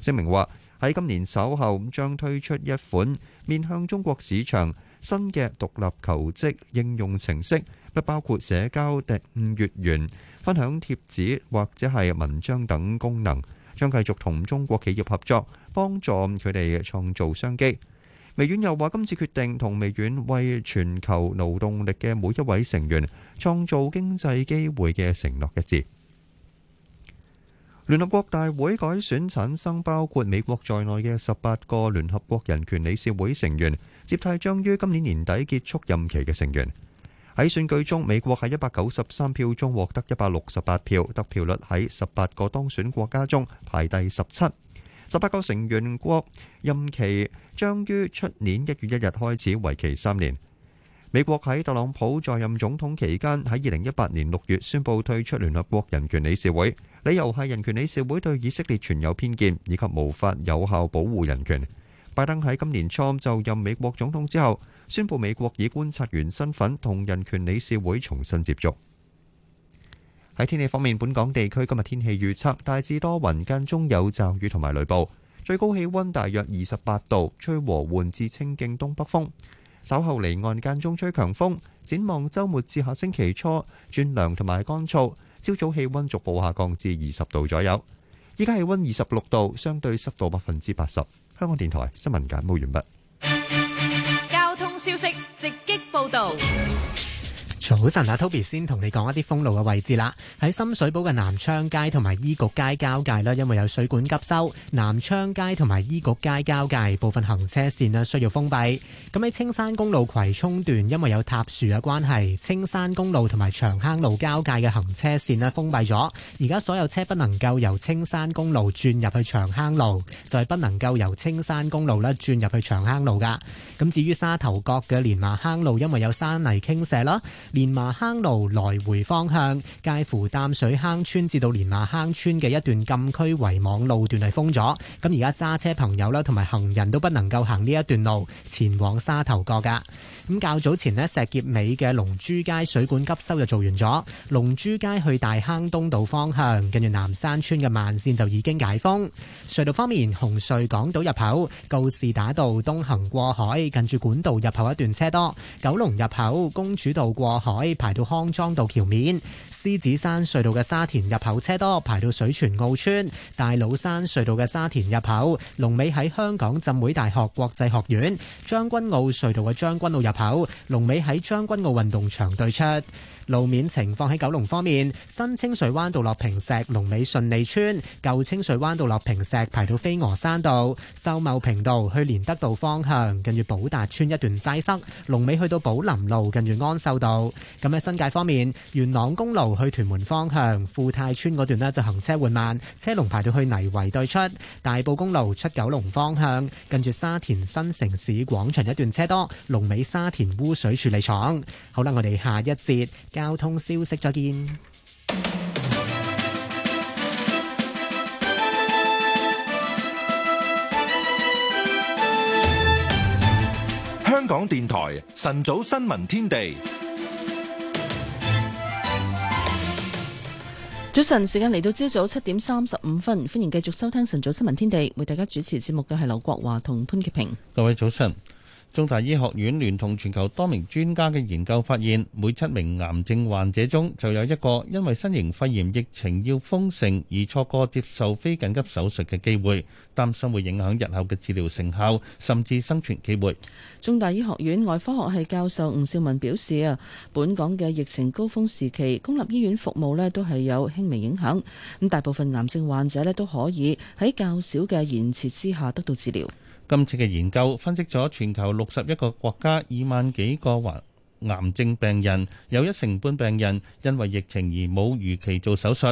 Speaker 12: 聲明話，喺今年稍後將推出一款面向中國市場新嘅獨立求職應用程式。不包括社交、訂閱員、分享貼紙或者係文章等功能，將繼續同中國企業合作，幫助佢哋創造商機。微軟又話：今次決定同微軟為全球勞動力嘅每一位成員創造經濟機會嘅承諾一致。聯合國大會改選產生包括美國在內嘅十八個聯合國人權理事會成員，接替將於今年年底結束任期嘅成員。喺選舉中，美國喺一百九十三票中獲得一百六十八票，得票率喺十八個當選國家中排第十七。十八個成員國任期將於出年一月一日開始，為期三年。美國喺特朗普在任總統期間，喺二零一八年六月宣布退出聯合國人權理事會，理由係人權理事會對以色列存有偏見，以及無法有效保護人權。拜登喺今年初就任美國總統之後，宣布美國以觀察員身份同人權理事會重新接觸。喺天氣方面，本港地區今日天氣預測大致多雲間中有驟雨同埋雷暴，最高氣溫大約二十八度，吹和緩至清勁東北風。稍後離岸間中吹強風。展望週末至下星期初轉涼同埋乾燥，朝早氣溫逐步下降至二十度左右。依家氣溫二十六度，相對濕度百分之八十。香港電台新聞
Speaker 11: 簡報完畢。
Speaker 9: 交通消息直擊報道。
Speaker 11: 早晨，阿 Toby 先同你講一啲封路嘅位置啦。喺深水埗嘅南昌街同埋醫局街交界啦，因為有水管急修，南昌街同埋醫局街交界部分行車線咧需要封閉。咁喺青山公路葵涌段，因為有塌樹嘅關係，青山公路同埋長坑路交界嘅行車線咧封閉咗。而家所有車不能夠由青山公路轉入去長坑路，就係不能夠由青山公路咧轉入去長坑路噶。咁至於沙頭角嘅蓮麻坑路，因為有山泥傾瀉啦。連麻坑路來回方向介乎淡水坑村至到連麻坑村嘅一段禁區圍網路段係封咗，咁而家揸車朋友啦同埋行人都不能夠行呢一段路前往沙頭角㗎。咁較早前咧，石硤尾嘅龍珠街水管急修就做完咗。龍珠街去大坑東道方向，近住南山村嘅慢線就已經解封。隧道方面，紅隧港島入口告士打道東行過海，近住管道入口一段車多。九龍入口公主道過海排到康莊道橋面。獅子山隧道嘅沙田入口車多，排到水泉澳村；大老山隧道嘅沙田入口，龍尾喺香港浸會大學國際學院；將軍澳隧道嘅將軍澳入口，龍尾喺將軍澳運動場對出。路面情況喺九龍方面，新清水灣道落坪石，龍尾順利村；舊清水灣道落坪石，排到飛鵝山道；秀茂坪道去連德道方向，近住寶達邨一段擠塞；龍尾去到寶林路，近住安秀道。咁喺新界方面，元朗公路。去屯門方向富泰村嗰段呢就行車緩慢，車龍排到去泥圍對出。大埔公路出九龍方向，跟住沙田新城市廣場一段車多，龍尾沙田污水處理廠。好啦，我哋下一節交通消息再見。
Speaker 1: 香港電台晨早新聞天地。
Speaker 3: 早晨，時間嚟到朝早七點三十五分，歡迎繼續收聽晨早新聞天地。為大家主持節目嘅係劉國華同潘潔平。
Speaker 4: 各位早晨。。中大醫學院聯同全球多名專家嘅研究發現，每七名癌症患者中就有一個因為新型肺炎疫情要封城而錯過接受非緊急手術嘅機會，擔心會影響日後嘅治療成效，甚至生存機會。
Speaker 3: 中大醫學院外科學系教授吳兆文表示啊，本港嘅疫情高峰時期，公立醫院服務咧都係有輕微影響，咁大部分癌症患者咧都可以喺較少嘅延遲之下得到治療。
Speaker 4: 今次嘅研究分析咗全球六十一個國家二萬幾個患癌症病人，有一成半病人因為疫情而冇如期做手術，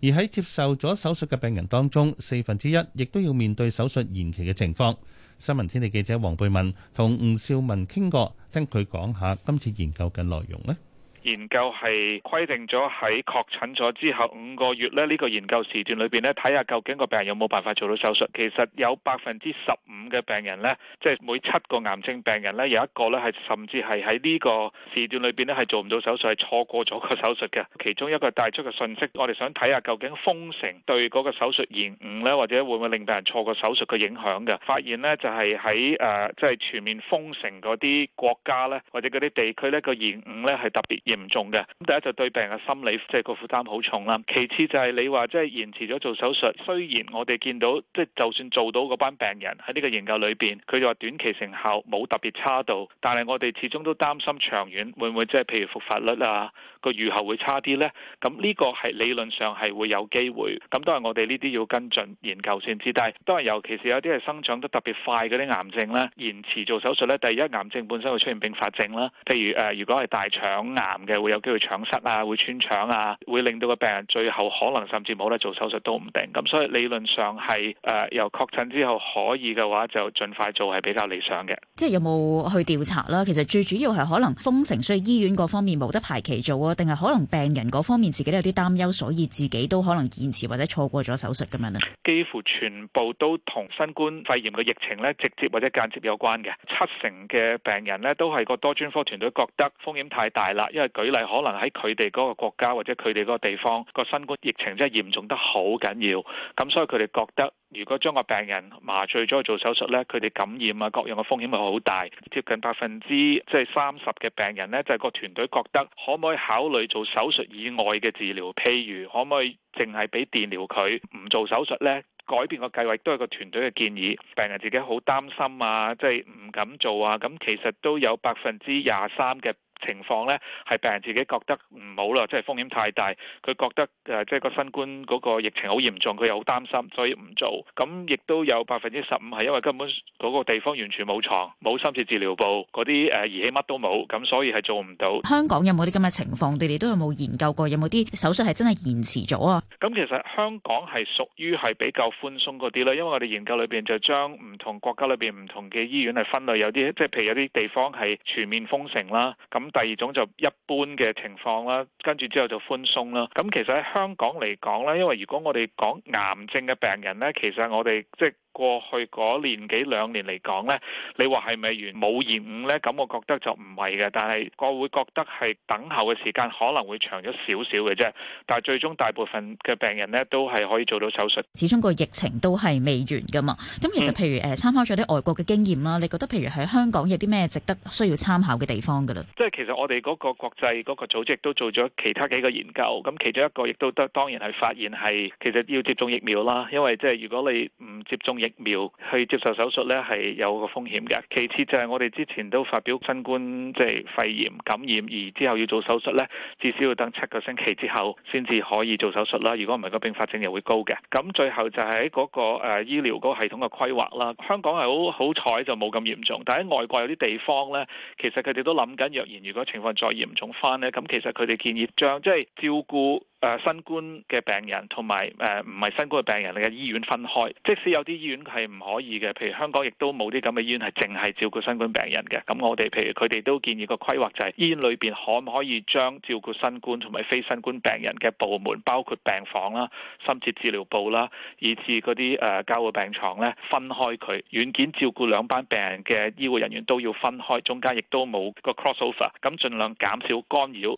Speaker 4: 而喺接受咗手術嘅病人當中，四分之一亦都要面對手術延期嘅情況。新聞天地記者黃貝文同吳少文傾過，聽佢講下今次研究嘅內容咧。
Speaker 18: 研究係規定咗喺確診咗之後五個月咧，呢個研究時段裏邊咧，睇下究竟個病人有冇辦法做到手術。其實有百分之十五嘅病人咧，即係每七個癌症病人咧，有一個咧係甚至係喺呢個時段裏邊咧係做唔到手術，係錯過咗個手術嘅。其中一個帶出嘅信息，我哋想睇下究竟封城對嗰個手術延誤咧，或者會唔會令病人錯過手術嘅影響嘅。發現咧就係喺誒即係全面封城嗰啲國家咧，或者嗰啲地區咧，個延誤咧係特別嚴重嘅咁第一就對病人嘅心理即係、就是、個負擔好重啦，其次就係你話即係延遲咗做手術，雖然我哋見到即係、就是、就算做到嗰班病人喺呢個研究裏邊，佢就話短期成效冇特別差度，但係我哋始終都擔心長遠會唔會即係、就是、譬如復發率啊個預後會差啲呢？咁呢個係理論上係會有機會，咁都係我哋呢啲要跟進研究先知。但係都係尤其是有啲係生長得特別快嗰啲癌症啦，延遲做手術咧，第一癌症本身會出現併發症啦，譬如誒、呃、如果係大腸癌。嘅會有機會搶失啊，會穿腸啊，會令到個病人最後可能甚至冇得做手術都唔定。咁所以理論上係誒、呃、由確診之後可以嘅話，就盡快做係比較理想嘅。
Speaker 7: 即係有冇去調查啦？其實最主要係可能封城，所以醫院嗰方面冇得排期做啊，定係可能病人嗰方面自己都有啲擔憂，所以自己都可能延遲或者錯過咗手術咁樣啊？
Speaker 18: 幾乎全部都同新冠肺炎嘅疫情咧直接或者間接有關嘅。七成嘅病人咧都係個多專科團隊覺得風險太大啦，因為舉例，可能喺佢哋嗰個國家或者佢哋嗰個地方個新冠疫情真係嚴重得好緊要，咁所以佢哋覺得如果將個病人麻醉咗去做手術呢，佢哋感染啊各樣嘅風險會好大，接近百分之即係三十嘅病人呢，就係個團隊覺得可唔可以考慮做手術以外嘅治療，譬如可唔可以淨係俾電療佢唔做手術呢？改變個計劃亦都係個團隊嘅建議。病人自己好擔心啊，即係唔敢做啊，咁其實都有百分之廿三嘅。情況呢係病人自己覺得唔好啦，即係風險太大，佢覺得誒即係個新冠嗰個疫情好嚴重，佢又好擔心，所以唔做。咁、嗯、亦都有百分之十五係因為根本嗰個地方完全冇床、冇深切治療部、嗰啲誒儀器乜都冇，咁、嗯、所以係做唔到。香港有冇啲
Speaker 7: 咁嘅情況？你哋都有冇研究過？有冇啲手術係真係延遲咗啊？
Speaker 18: 咁、嗯、其實香港係屬於係比較寬鬆嗰啲啦，因為我哋研究裏邊就將唔同國家裏邊唔同嘅醫院係分類，有啲即係譬如有啲地方係全面封城啦，咁、嗯。嗯嗯嗯嗯第二種就一般嘅情況啦，跟住之後就寬鬆啦。咁其實喺香港嚟講呢，因為如果我哋講癌症嘅病人呢，其實我哋即過去嗰年幾兩年嚟講，呢你話係咪完冇延誤呢？咁我覺得就唔係嘅。但係我會覺得係等候嘅時間可能會長咗少少嘅啫。但係最終大部分嘅病人呢，都係可以做到手術。
Speaker 7: 始終個疫情都係未完噶嘛。咁其實譬如誒參考咗啲外國嘅經驗啦，嗯、你覺得譬如喺香港有啲咩值得需要參考嘅地方噶啦？
Speaker 18: 即係其實我哋嗰個國際嗰個組織都做咗其他幾個研究。咁其中一個亦都得當然係發現係其實要接種疫苗啦。因為即係如果你唔接種，疫苗去接受手術呢，係有個風險嘅。其次就係我哋之前都發表新冠即係肺炎感染而之後要做手術呢，至少要等七個星期之後先至可以做手術啦。如果唔係個併發症又會高嘅。咁最後就係喺嗰個誒醫療嗰個系統嘅規劃啦。香港係好好彩就冇咁嚴重，但係外國有啲地方呢，其實佢哋都諗緊，若然如果情況再嚴重翻呢，咁其實佢哋建議將即係照顧。誒新冠嘅病人同埋誒唔係新冠嘅病人，你喺醫院分開。即使有啲醫院佢係唔可以嘅，譬如香港亦都冇啲咁嘅醫院係淨係照顧新冠病人嘅。咁我哋譬如佢哋都建議個規劃就係：醫院裏邊可唔可以將照顧新冠同埋非新冠病人嘅部門，包括病房啦、深切治療部啦，以至嗰啲誒監護病床咧，分開佢。軟件照顧兩班病人嘅醫護人員都要分開，中間亦都冇個 cross over，咁盡量減少干擾。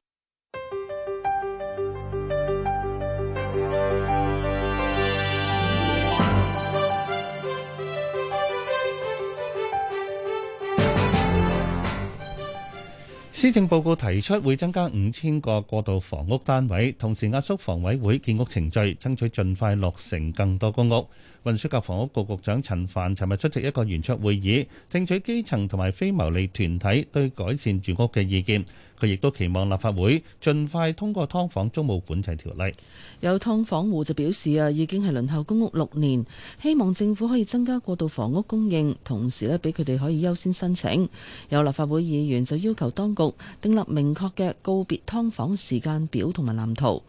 Speaker 4: 施政報告提出會增加五千個過渡房屋單位，同時壓縮房委會建屋程序，爭取盡快落成更多公屋。運輸及房屋局局長陳帆尋日出席一個圓桌會議，聽取基層同埋非牟利團體對改善住屋嘅意見。佢亦都期望立法會盡快通過劏房租務管制條例。
Speaker 3: 有劏房戶就表示啊，已經係輪候公屋六年，希望政府可以增加過渡房屋供應，同時咧俾佢哋可以優先申請。有立法會議員就要求當局訂立明確嘅告別㓥房時間表同埋藍圖。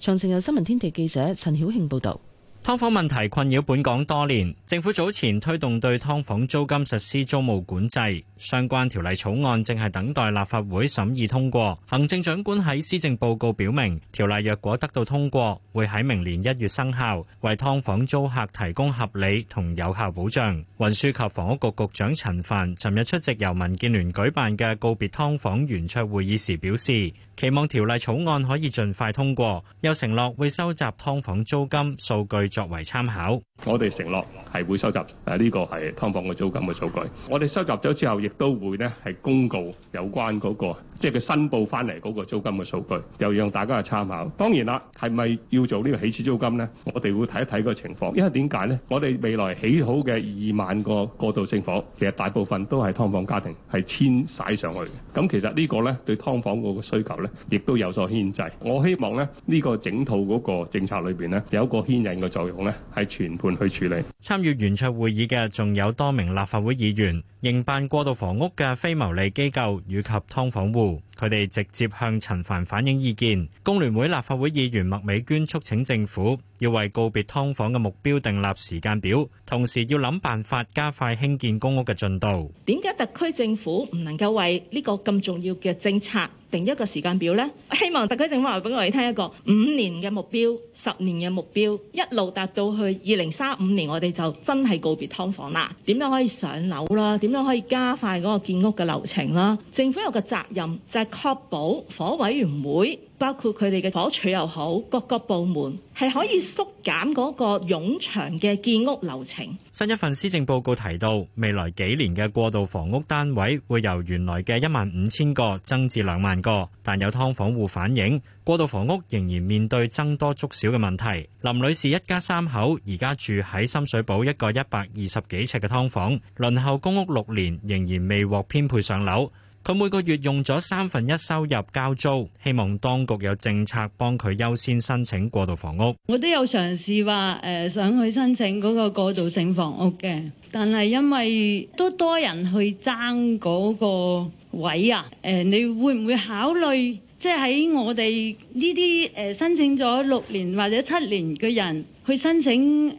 Speaker 3: 詳情由新聞天地記者陳曉慶報道。
Speaker 14: 劏房問題困擾本港多年，政府早前推動對劏房租金實施租務管制，相關條例草案正係等待立法會審議通過。行政長官喺施政報告表明，條例若果得到通過，會喺明年一月生效，為劏房租客提供合理同有效保障。運輸及房屋局局長陳帆尋日出席由民建聯舉辦嘅告別劏房圓桌會議時表示，期望條例草案可以盡快通過，又承諾會收集劏房租金數據作為參考。
Speaker 18: 我哋承諾係會收集誒呢個係劏房嘅租金嘅數據。我哋收集咗之後，亦都會呢係公告有關嗰個，即係佢申報翻嚟嗰個租金嘅數據，又讓大家去參考。當然啦，係咪要做呢個起始租金呢？我哋會睇一睇個情況，因為點解呢？我哋未來起好嘅二萬個過渡性房，其實大部分都係劏房家庭係遷曬上去嘅。咁其實呢個呢對劏房個需求呢，亦都有所牽制。我希望咧，呢、這個整套嗰個政策裏邊呢，有一個牽引嘅作
Speaker 4: 用呢，係全盤去處理。
Speaker 14: 參與圓桌會議嘅仲有多名立法會議員、營辦過渡房屋嘅非牟利機構以及劏房戶，佢哋直接向陳帆反映意見。工聯會立法會議員麥美娟促請政府。要為告別劏房嘅目標訂立時間表，同時要諗辦法加快興建公屋嘅進度。
Speaker 7: 點解特區政府唔能夠為呢個咁重要嘅政策，定一個時間表呢？我希望特區政府話俾我哋聽一個五年嘅目標、十年嘅目標，一路達到去二零三五年，我哋就真係告別劏房啦。點樣可以上樓啦？點樣可以加快嗰個建屋嘅流程啦？政府有個責任就係確保火委員會。包括佢哋嘅房取又好，各個部門係可以縮減嗰個冗長嘅建屋流程。
Speaker 14: 新一份施政報告提到，未來幾年嘅過渡房屋單位會由原來嘅一萬五千個增至兩萬個，但有劏房戶反映，過渡房屋仍然面對僧多粥少嘅問題。林女士一家三口而家住喺深水埗一個一百二十幾尺嘅劏房，輪候公屋六年仍然未獲編配上樓。佢每個月用咗三分一收入交租，希望當局有政策幫佢優先申請過渡房屋。
Speaker 9: 我都有嘗試話誒想去申請嗰個過渡性房屋嘅，但係因為都多人去爭嗰個位啊！誒，你會唔會考慮即係喺我哋呢啲誒申請咗六年或者七年嘅人去申請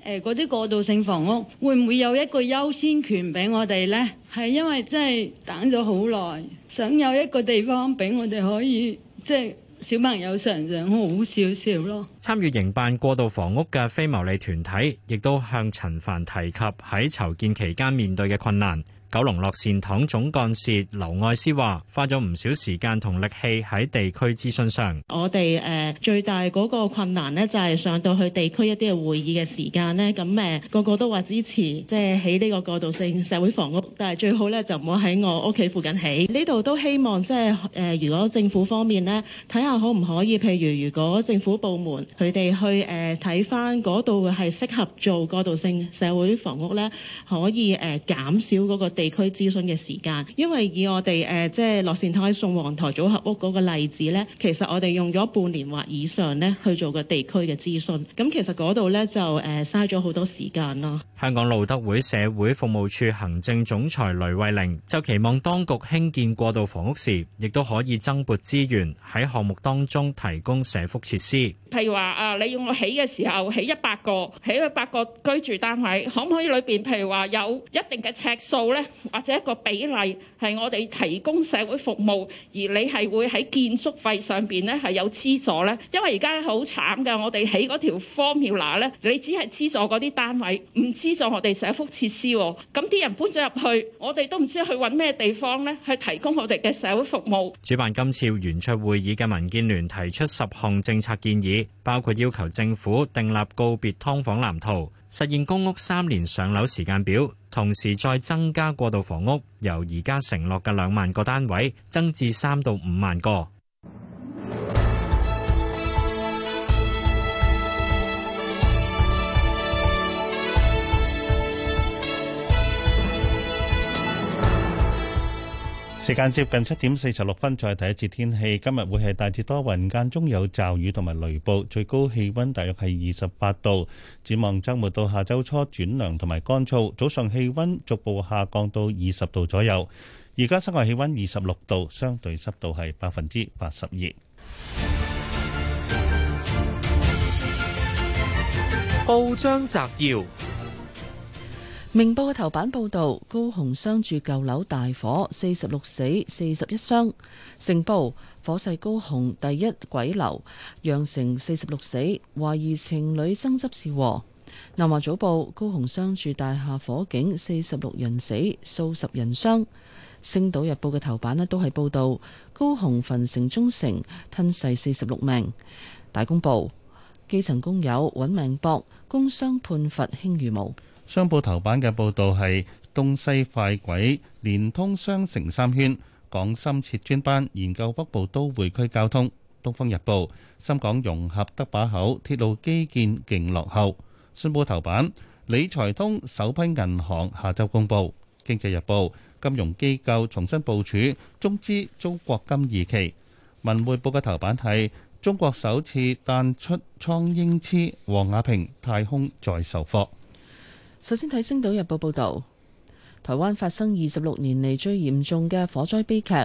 Speaker 9: 誒嗰啲過渡性房屋，會唔會有一個優先權俾我哋咧？係因為真係等咗好耐，想有一個地方俾我哋可以即係、就是、小朋友成長好少少咯。
Speaker 14: 參與營辦過渡房屋嘅非牟利團體，亦都向陳帆提及喺籌建期間面對嘅困難。九龍樂善堂總幹事劉愛思話：花咗唔少時間同力氣喺地區諮詢上。
Speaker 7: 我哋誒最大嗰個困難呢，就係上到去地區一啲嘅會議嘅時間呢。咁、那、誒個個都話支持，即係起呢個過渡性社會房屋，但係最好咧就唔好喺我屋企附近起。呢度都希望即係誒，如果政府方面呢，睇下可唔可以，譬如如果政府部門佢哋去誒睇翻嗰度係適合做過渡性社會房屋呢，可以誒減少嗰個。地區諮詢嘅時間，因為以我哋誒、呃、即係樂善堂宋皇台組合屋嗰個例子咧，其實我哋用咗半年或以上咧去做個地區嘅諮詢，咁、嗯、其實嗰度咧就誒嘥咗好多時間咯。
Speaker 14: 香港路德會社會服務處行政總裁雷慧玲就期望當局興建過渡房屋時，亦都可以增撥資源喺項目當中提供社福設施，
Speaker 9: 譬如話啊，你要我起嘅時候起一百個，起一百個居住單位，可唔可以裏邊譬如話有一定嘅尺數咧？或者一個比例係我哋提供社會服務，而你係會喺建築費上邊呢係有資助呢，因為而家好慘噶，我哋起嗰條 formula，呢你只係資助嗰啲單位，唔資助我哋社福設施。咁啲人搬咗入去，我哋都唔知去揾咩地方呢，去提供我哋嘅社會服務。
Speaker 14: 主辦今次圓桌會議嘅民建聯提出十項政策建議，包括要求政府訂立告別劏房藍圖，實現公屋三年上樓時間表。同時再增加過渡房屋，由而家承諾嘅兩萬個單位，增至三到五萬個。
Speaker 4: 時間接近七點四十六分，再睇一次天氣。今日會係大致多雲，間中有驟雨同埋雷暴，最高氣溫大約係二十八度。展望周末到下周初轉涼同埋乾燥，早上氣溫逐步下降到二十度左右。而家室外氣溫二十六度，相對濕度係百分之八十二。
Speaker 1: 報章摘要。
Speaker 3: 明報嘅頭版報道，高雄商住舊樓大火，四十六死四十一傷。成報火勢高雄第一鬼樓，釀成四十六死，懷疑情侶爭執是禍。南華早報高雄商住大廈火警，四十六人死，數十人傷。星島日報嘅頭版咧都係報道高雄焚城中城，吞噬四十六命。大公報基層工友揾命搏，工
Speaker 4: 傷判罰輕如毛。商報頭版嘅報道係東西快軌、連通雙城三圈、港深設專班，研究北部都會區交通。東方日報：深港融合得把口，鐵路基建勁落後。商報頭版：理財通首批銀行下周公布。經濟日報：金融機構重新部署，中資租國金二期。文匯報嘅頭版係中國首次彈出蒼蠅蛆，王亞平太空再授課。
Speaker 3: 首先睇《星島日報》報道，台灣發生二十六年嚟最嚴重嘅火災悲劇，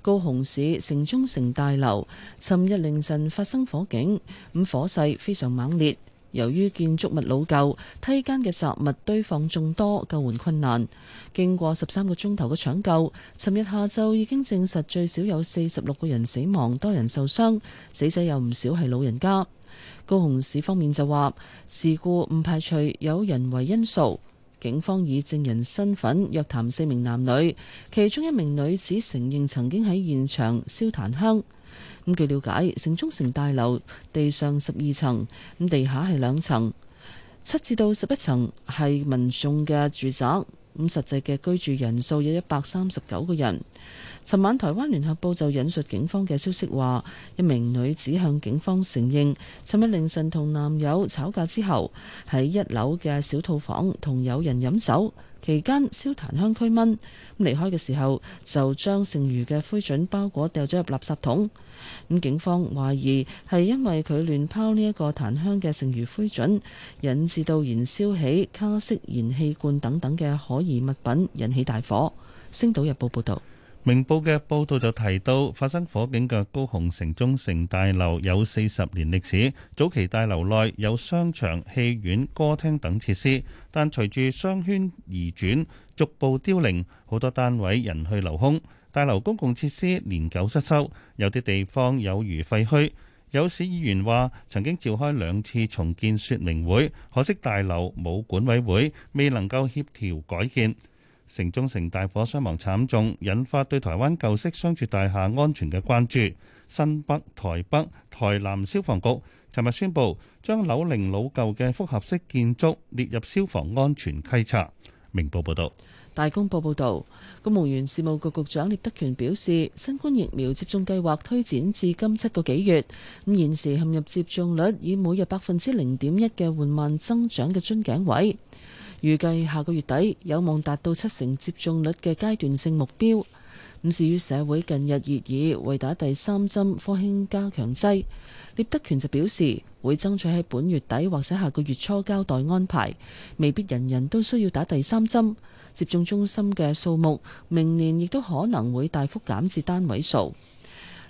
Speaker 3: 高雄市城中城大樓，尋日凌晨發生火警，咁火勢非常猛烈。由於建築物老舊，梯間嘅雜物堆放眾多，救援困難。經過十三個鐘頭嘅搶救，尋日下晝已經證實最少有四十六個人死亡，多人受傷，死者有唔少係老人家。高雄市方面就話事故唔排除有人為因素，警方以證人身份約談四名男女，其中一名女子承認曾經喺現場燒檀香。咁據了解，城中城大樓地上十二層，地下係兩層，七至到十一層係民眾嘅住宅。咁實際嘅居住人數有一百三十九個人。.尋晚，台灣聯合報就引述警方嘅消息，話一名女子向警方承認，尋日凌晨同男友吵架之後，喺一樓嘅小套房同友人飲酒期間燒檀香驅蚊，咁離開嘅時候就將剩餘嘅灰燼包裹，掉咗入垃圾桶。咁警方懷疑係因為佢亂拋呢一個檀香嘅剩餘灰燼，引致到燃燒起卡式燃氣罐等等嘅可疑物品引起大火。星島日報報道。
Speaker 4: 明報嘅報道就提到，發生火警嘅高雄城中城大樓有四十年歷史，早期大樓內有商場、戲院、歌廳等設施，但隨住商圈移轉，逐步凋零，好多單位人去樓空，大樓公共設施年久失修，有啲地方有如廢墟。有市議員話，曾經召開兩次重建說明會，可惜大樓冇管委會，未能夠協調改建。城中城大火傷亡慘重，引發對台灣舊式商住大廈安全嘅關注。新北、台北、台南消防局尋日宣布，將樓齡老舊嘅複合式建築列入消防安全稽查。明報報道。
Speaker 3: 大公報報道，公務員事務局局，局長聶德權表示，新冠疫苗接種計劃推展至今七個幾月，咁現時陷入接種率以每日百分之零點一嘅緩慢增長嘅樽頸位。預計下個月底有望達到七成接種率嘅階段性目標。咁至於社會近日熱議，為打第三針科興加強劑。聶德權就表示，會爭取喺本月底或者下個月初交代安排，未必人人都需要打第三針。接種中心嘅數目，明年亦都可能會大幅減至單位數。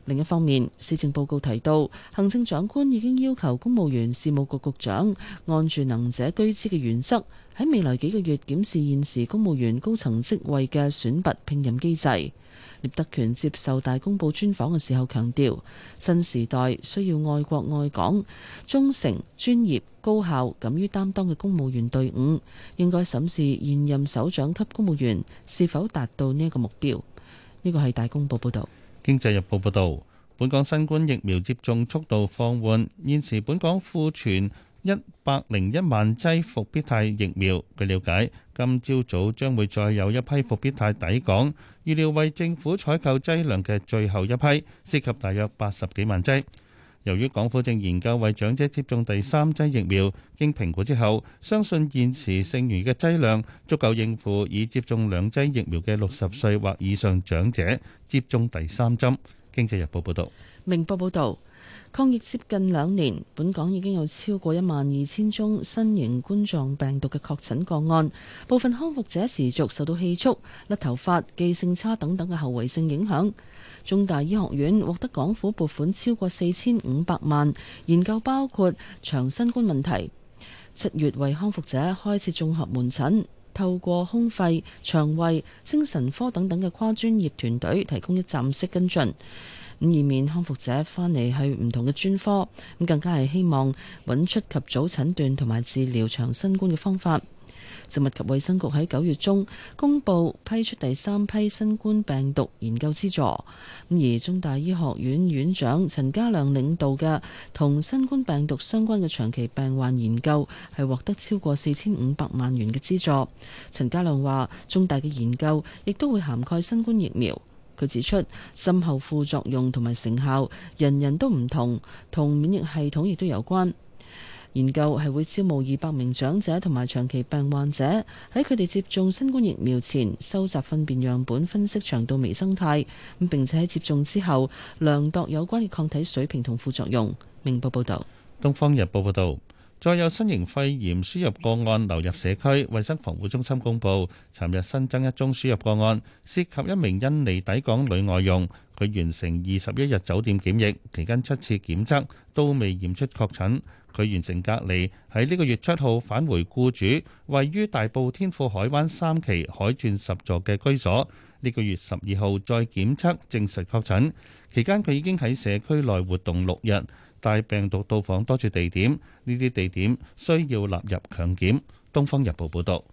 Speaker 3: 另一方面，施政報告提到，行政長官已經要求公務員事務局局長按住能者居之嘅原則，喺未來幾個月檢視現時公務員高層職位嘅選拔聘任機制。聶德權接受大公報專訪嘅時候強調新時代需要愛國愛港、忠誠專業高效、敢於擔當嘅公務員隊伍，應該審視現任首長級公務員是否達到呢一個目標，呢個係大公報報道。
Speaker 4: 經濟日報報導，本港新冠疫苗接種速度放緩，現時本港庫存一百零一萬劑復必泰疫苗。據了解，今朝早將會再有一批復必泰抵港，預料為政府採購劑量嘅最後一批，涉及大約八十幾萬劑。由於港府正研究為長者接種第三劑疫苗，經評估之後，相信現時剩餘嘅劑量足夠應付已接種兩劑疫苗嘅六十歲或以上長者接種第三針。經濟日報報道。
Speaker 3: 明報報道，抗疫接近兩年，本港已經有超過一萬二千宗新型冠狀病毒嘅確診個案，部分康復者持續受到氣促、甩頭髮、記性差等等嘅後遺性影響。中大醫學院獲得港府撥款超過四千五百萬，研究包括長新冠問題。七月為康復者開設綜合門診，透過胸肺、腸胃、精神科等等嘅跨專業團隊提供一站式跟進，咁以免康復者翻嚟去唔同嘅專科。咁更加係希望揾出及早診斷同埋治療長新冠嘅方法。食物及衛生局喺九月中公布批出第三批新冠病毒研究資助，咁而中大醫學院院長陳家亮領導嘅同新冠病毒相關嘅長期病患研究係獲得超過四千五百萬元嘅資助。陳家亮話：中大嘅研究亦都會涵蓋新冠疫苗。佢指出，針後副作用同埋成效人人都唔同，同免疫系統亦都有關。研究係會招募二百名長者同埋長期病患者，喺佢哋接種新冠疫苗前收集糞便樣本，分析腸道微生態，咁並且喺接種之後量度有關嘅抗體水平同副作用。明報報道。
Speaker 4: 東方日報報導。再有新型肺炎輸入個案流入社區，衞生防護中心公布，尋日新增一宗輸入個案，涉及一名印尼抵港女外傭。佢完成二十一日酒店檢疫期間七次檢測都未驗出確診。佢完成隔離喺呢個月七號返回雇主位於大埔天富海灣三期海鑽十座嘅居所。呢個月十二號再檢測證實確診，期間佢已經喺社區內活動六日。帶病毒到訪多處地點，呢啲地點需要納入強檢。東方日報報道，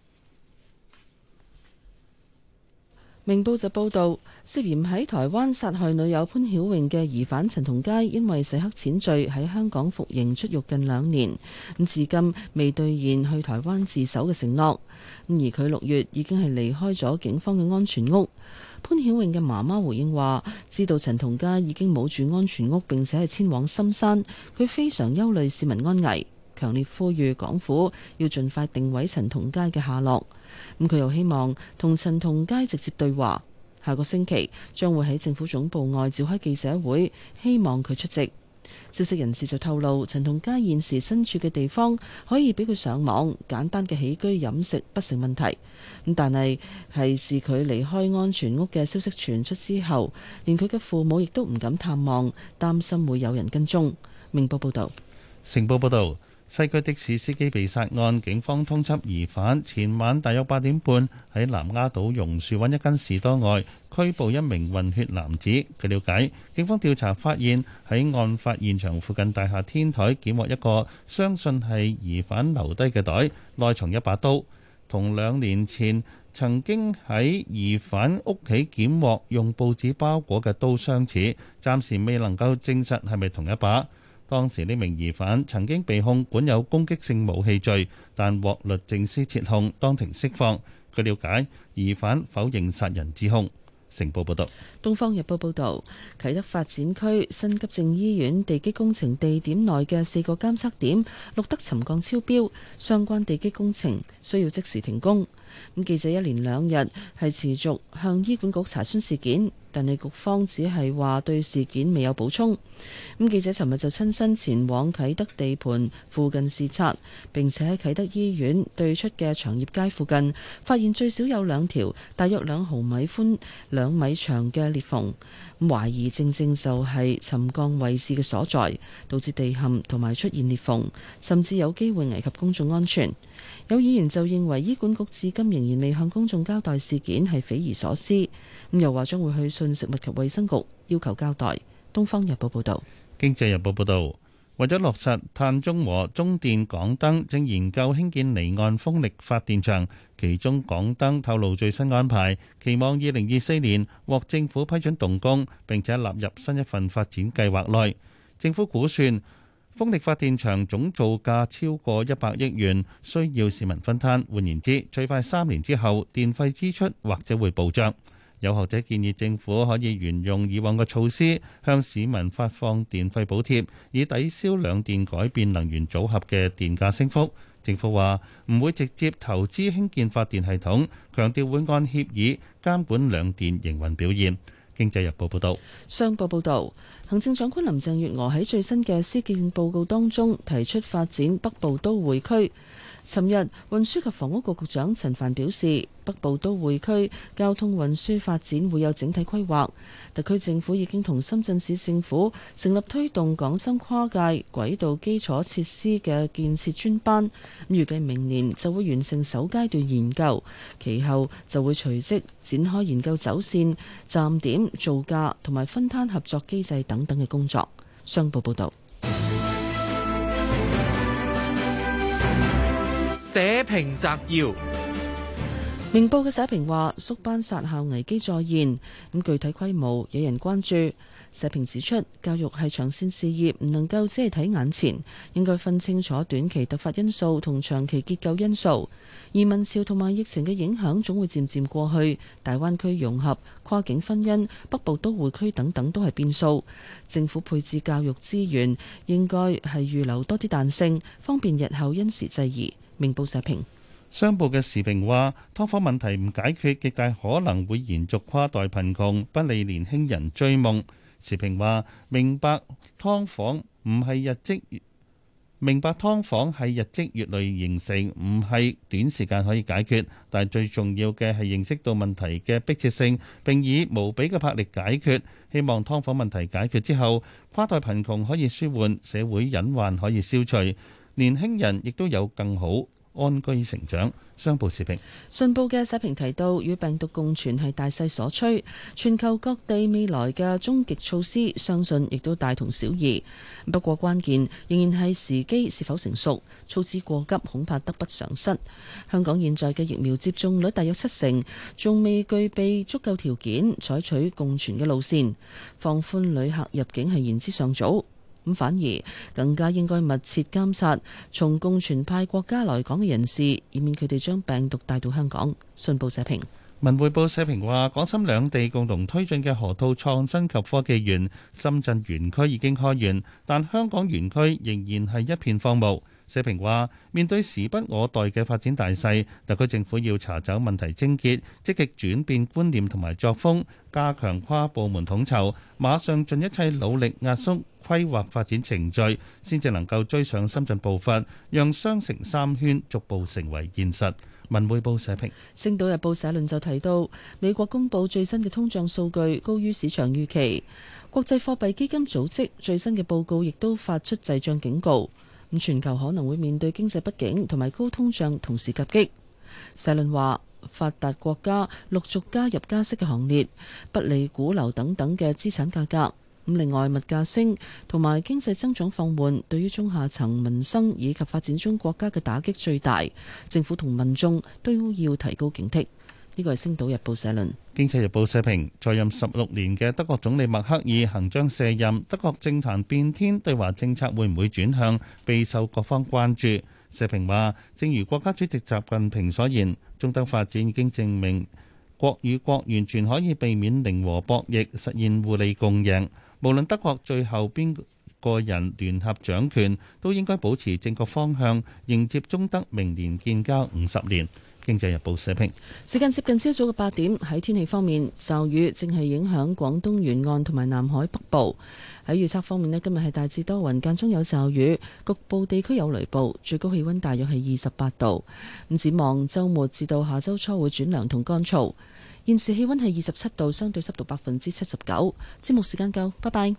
Speaker 3: 明報就報道，涉嫌喺台灣殺害女友潘曉穎嘅疑犯陳同佳，因為洗黑錢罪喺香港服刑出獄近兩年，咁至今未兌現去台灣自首嘅承諾，而佢六月已經係離開咗警方嘅安全屋。潘曉穎嘅媽媽回應話，知道陳同佳已經冇住安全屋，並且係遷往深山，佢非常憂慮市民安危，強烈呼籲港府要盡快定位陳同佳嘅下落。咁佢又希望同陳同佳直接對話，下個星期將會喺政府總部外召開記者會，希望佢出席。消息人士就透露，陳同佳現時身處嘅地方可以俾佢上網，簡單嘅起居飲食不成問題，咁但係係自佢離開安全屋嘅消息傳出之後，連佢嘅父母亦都唔敢探望，擔心會有人跟蹤。明報報道，
Speaker 4: 成報報道。西區的士司機被殺案，警方通緝疑犯，前晚大約八點半喺南丫島榕樹灣一間士多外拘捕一名混血男子。據了解，警方調查發現喺案發現場附近大廈天台檢獲一個相信係疑犯留低嘅袋，內藏一把刀，同兩年前曾經喺疑犯屋企檢獲用報紙包裹嘅刀相似，暫時未能夠證實係咪同一把。當時呢名疑犯曾經被控管有攻擊性武器罪，但獲律政司撤控，當庭釋放。據了解，疑犯否認殺人指控。成報報道：
Speaker 3: 《東方日報》報導，啟德發展區新急症醫院地基工程地點內嘅四個監測點錄得沉降超標，相關地基工程需要即時停工。咁記者一連兩日係持續向醫管局查詢事件。但係局方只係話對事件未有補充。咁記者尋日就親身前往啟德地盤附近視察，並且喺啟德醫院對出嘅長業街附近，發現最少有兩條大約兩毫米寬兩米長嘅裂縫，懷疑正正就係沉降位置嘅所在，導致地陷同埋出現裂縫，甚至有機會危及公眾安全。有議員就認為醫管局至今仍然未向公眾交代事件，係匪夷所思。咁又話將會去信食物及衛生局要求交代。《東方日報》報導，
Speaker 4: 《經濟日報》報導，為咗落實碳中和，中電港燈正研究興建離岸風力發電場。其中港燈透露最新安排，期望二零二四年獲政府批准動工，並且納入新一份發展計劃內。政府估算風力發電場總造價超過一百億元，需要市民分攤。換言之，最快三年之後電費支出或者會暴漲。有學者建議政府可以沿用以往嘅措施，向市民發放電費補貼，以抵消兩電改變能源組合嘅電價升幅。政府話唔會直接投資興建發電系統，強調會按協議監管兩電營運表現。經濟日報報導，
Speaker 3: 商報報導，行政長官林鄭月娥喺最新嘅施政報告當中提出發展北部都會區。尋日，運輸及房屋局局長陳帆表示，北部都會區交通運輸發展會有整體規劃。特區政府已經同深圳市政府成立推動港深跨界軌道基礎設施嘅建設專班，預計明年就會完成首階段研究，其後就會隨即展開研究走線、站點、造價同埋分攤合作機制等等嘅工作。商報報道。社
Speaker 1: 評摘要：
Speaker 3: 明報嘅社評話，縮班殺校危機再現，咁具體規模引人關注。社評指出，教育係長線事業，唔能夠只係睇眼前，應該分清楚短期突發因素同長期結構因素。移民潮同埋疫情嘅影響總會漸漸過去。大灣區融合、跨境婚姻、北部都會區等等都係變數。政府配置教育資源應該係預留多啲彈性，方便日後因時制宜。明報社評，
Speaker 4: 商報嘅時評話：劏房問題唔解決，極大可能會延續跨代貧窮，不利年輕人追夢。時評話：明白劏房唔係日積月，明白劏房係日積月累形成，唔係短時間可以解決。但係最重要嘅係認識到問題嘅迫切性，並以無比嘅魄力解決。希望劏房問題解決之後，跨代貧窮可以舒緩，社會隱患可以消除。年輕人亦都有更好安居成長。商報時評，
Speaker 3: 信報嘅社評提到，與病毒共存係大勢所趨，全球各地未來嘅終極措施，相信亦都大同小異。不過關鍵仍然係時機是否成熟，措施過急恐怕得不償失。香港現在嘅疫苗接種率大約七成，仲未具備足夠條件採取共存嘅路線，放寬旅客入境係言之尚早。咁反而更加應該密切監察從共存派國家來港嘅人士，以免佢哋將病毒帶到香港。信報社評，
Speaker 4: 《文匯報》社評話：港深兩地共同推進嘅河套創新及科技園深圳園區已經開園，但香港園區仍然係一片荒蕪。社評話：面對時不我待嘅發展大勢，特區政府要查找問題症結，積極轉變觀念同埋作風，加強跨部門統籌，馬上盡一切努力壓縮規劃發展程序，先至能夠追上深圳步伐，讓雙城三圈逐步成為現實。文匯報社評，
Speaker 3: 《星島日報》社論就提到，美國公布最新嘅通脹數據高於市場預期，國際貨幣基金組織最新嘅報告亦都發出滯脹警告。全球可能會面對經濟不景同埋高通脹同時夾擊。社論話，發達國家陸續加入加息嘅行列，不利股樓等等嘅資產價格。咁另外，物價升同埋經濟增長放緩，對於中下層民生以及發展中國家嘅打擊最大，
Speaker 4: 政府同民眾都要
Speaker 3: 提高警惕。呢個係《星島日報》社論，
Speaker 4: 《經濟日報》社評，在任十六年嘅德國總理默克爾行將卸任，德國政壇變天，對華政策會唔會轉向，備受各方關注。社評話：正如國家主席習近平所言，中德發展已經證明國與國完全可以避免零和博弈，實現互利共贏。無論德國最後邊個人聯合掌權，都應該保持正確方向，迎接中德明年建交五十年。經濟日報社評，
Speaker 3: 時間接近朝早嘅八點。喺天氣方面，驟雨正係影響廣東沿岸同埋南海北部。喺預測方面咧，今日係大致多雲，間中有驟雨，局部地區有雷暴。最高氣温大約係二十八度。咁展望周末至到下周初會轉涼同乾燥。現時氣温係二十七度，相對濕度百分之七十九。節目時間夠，拜拜。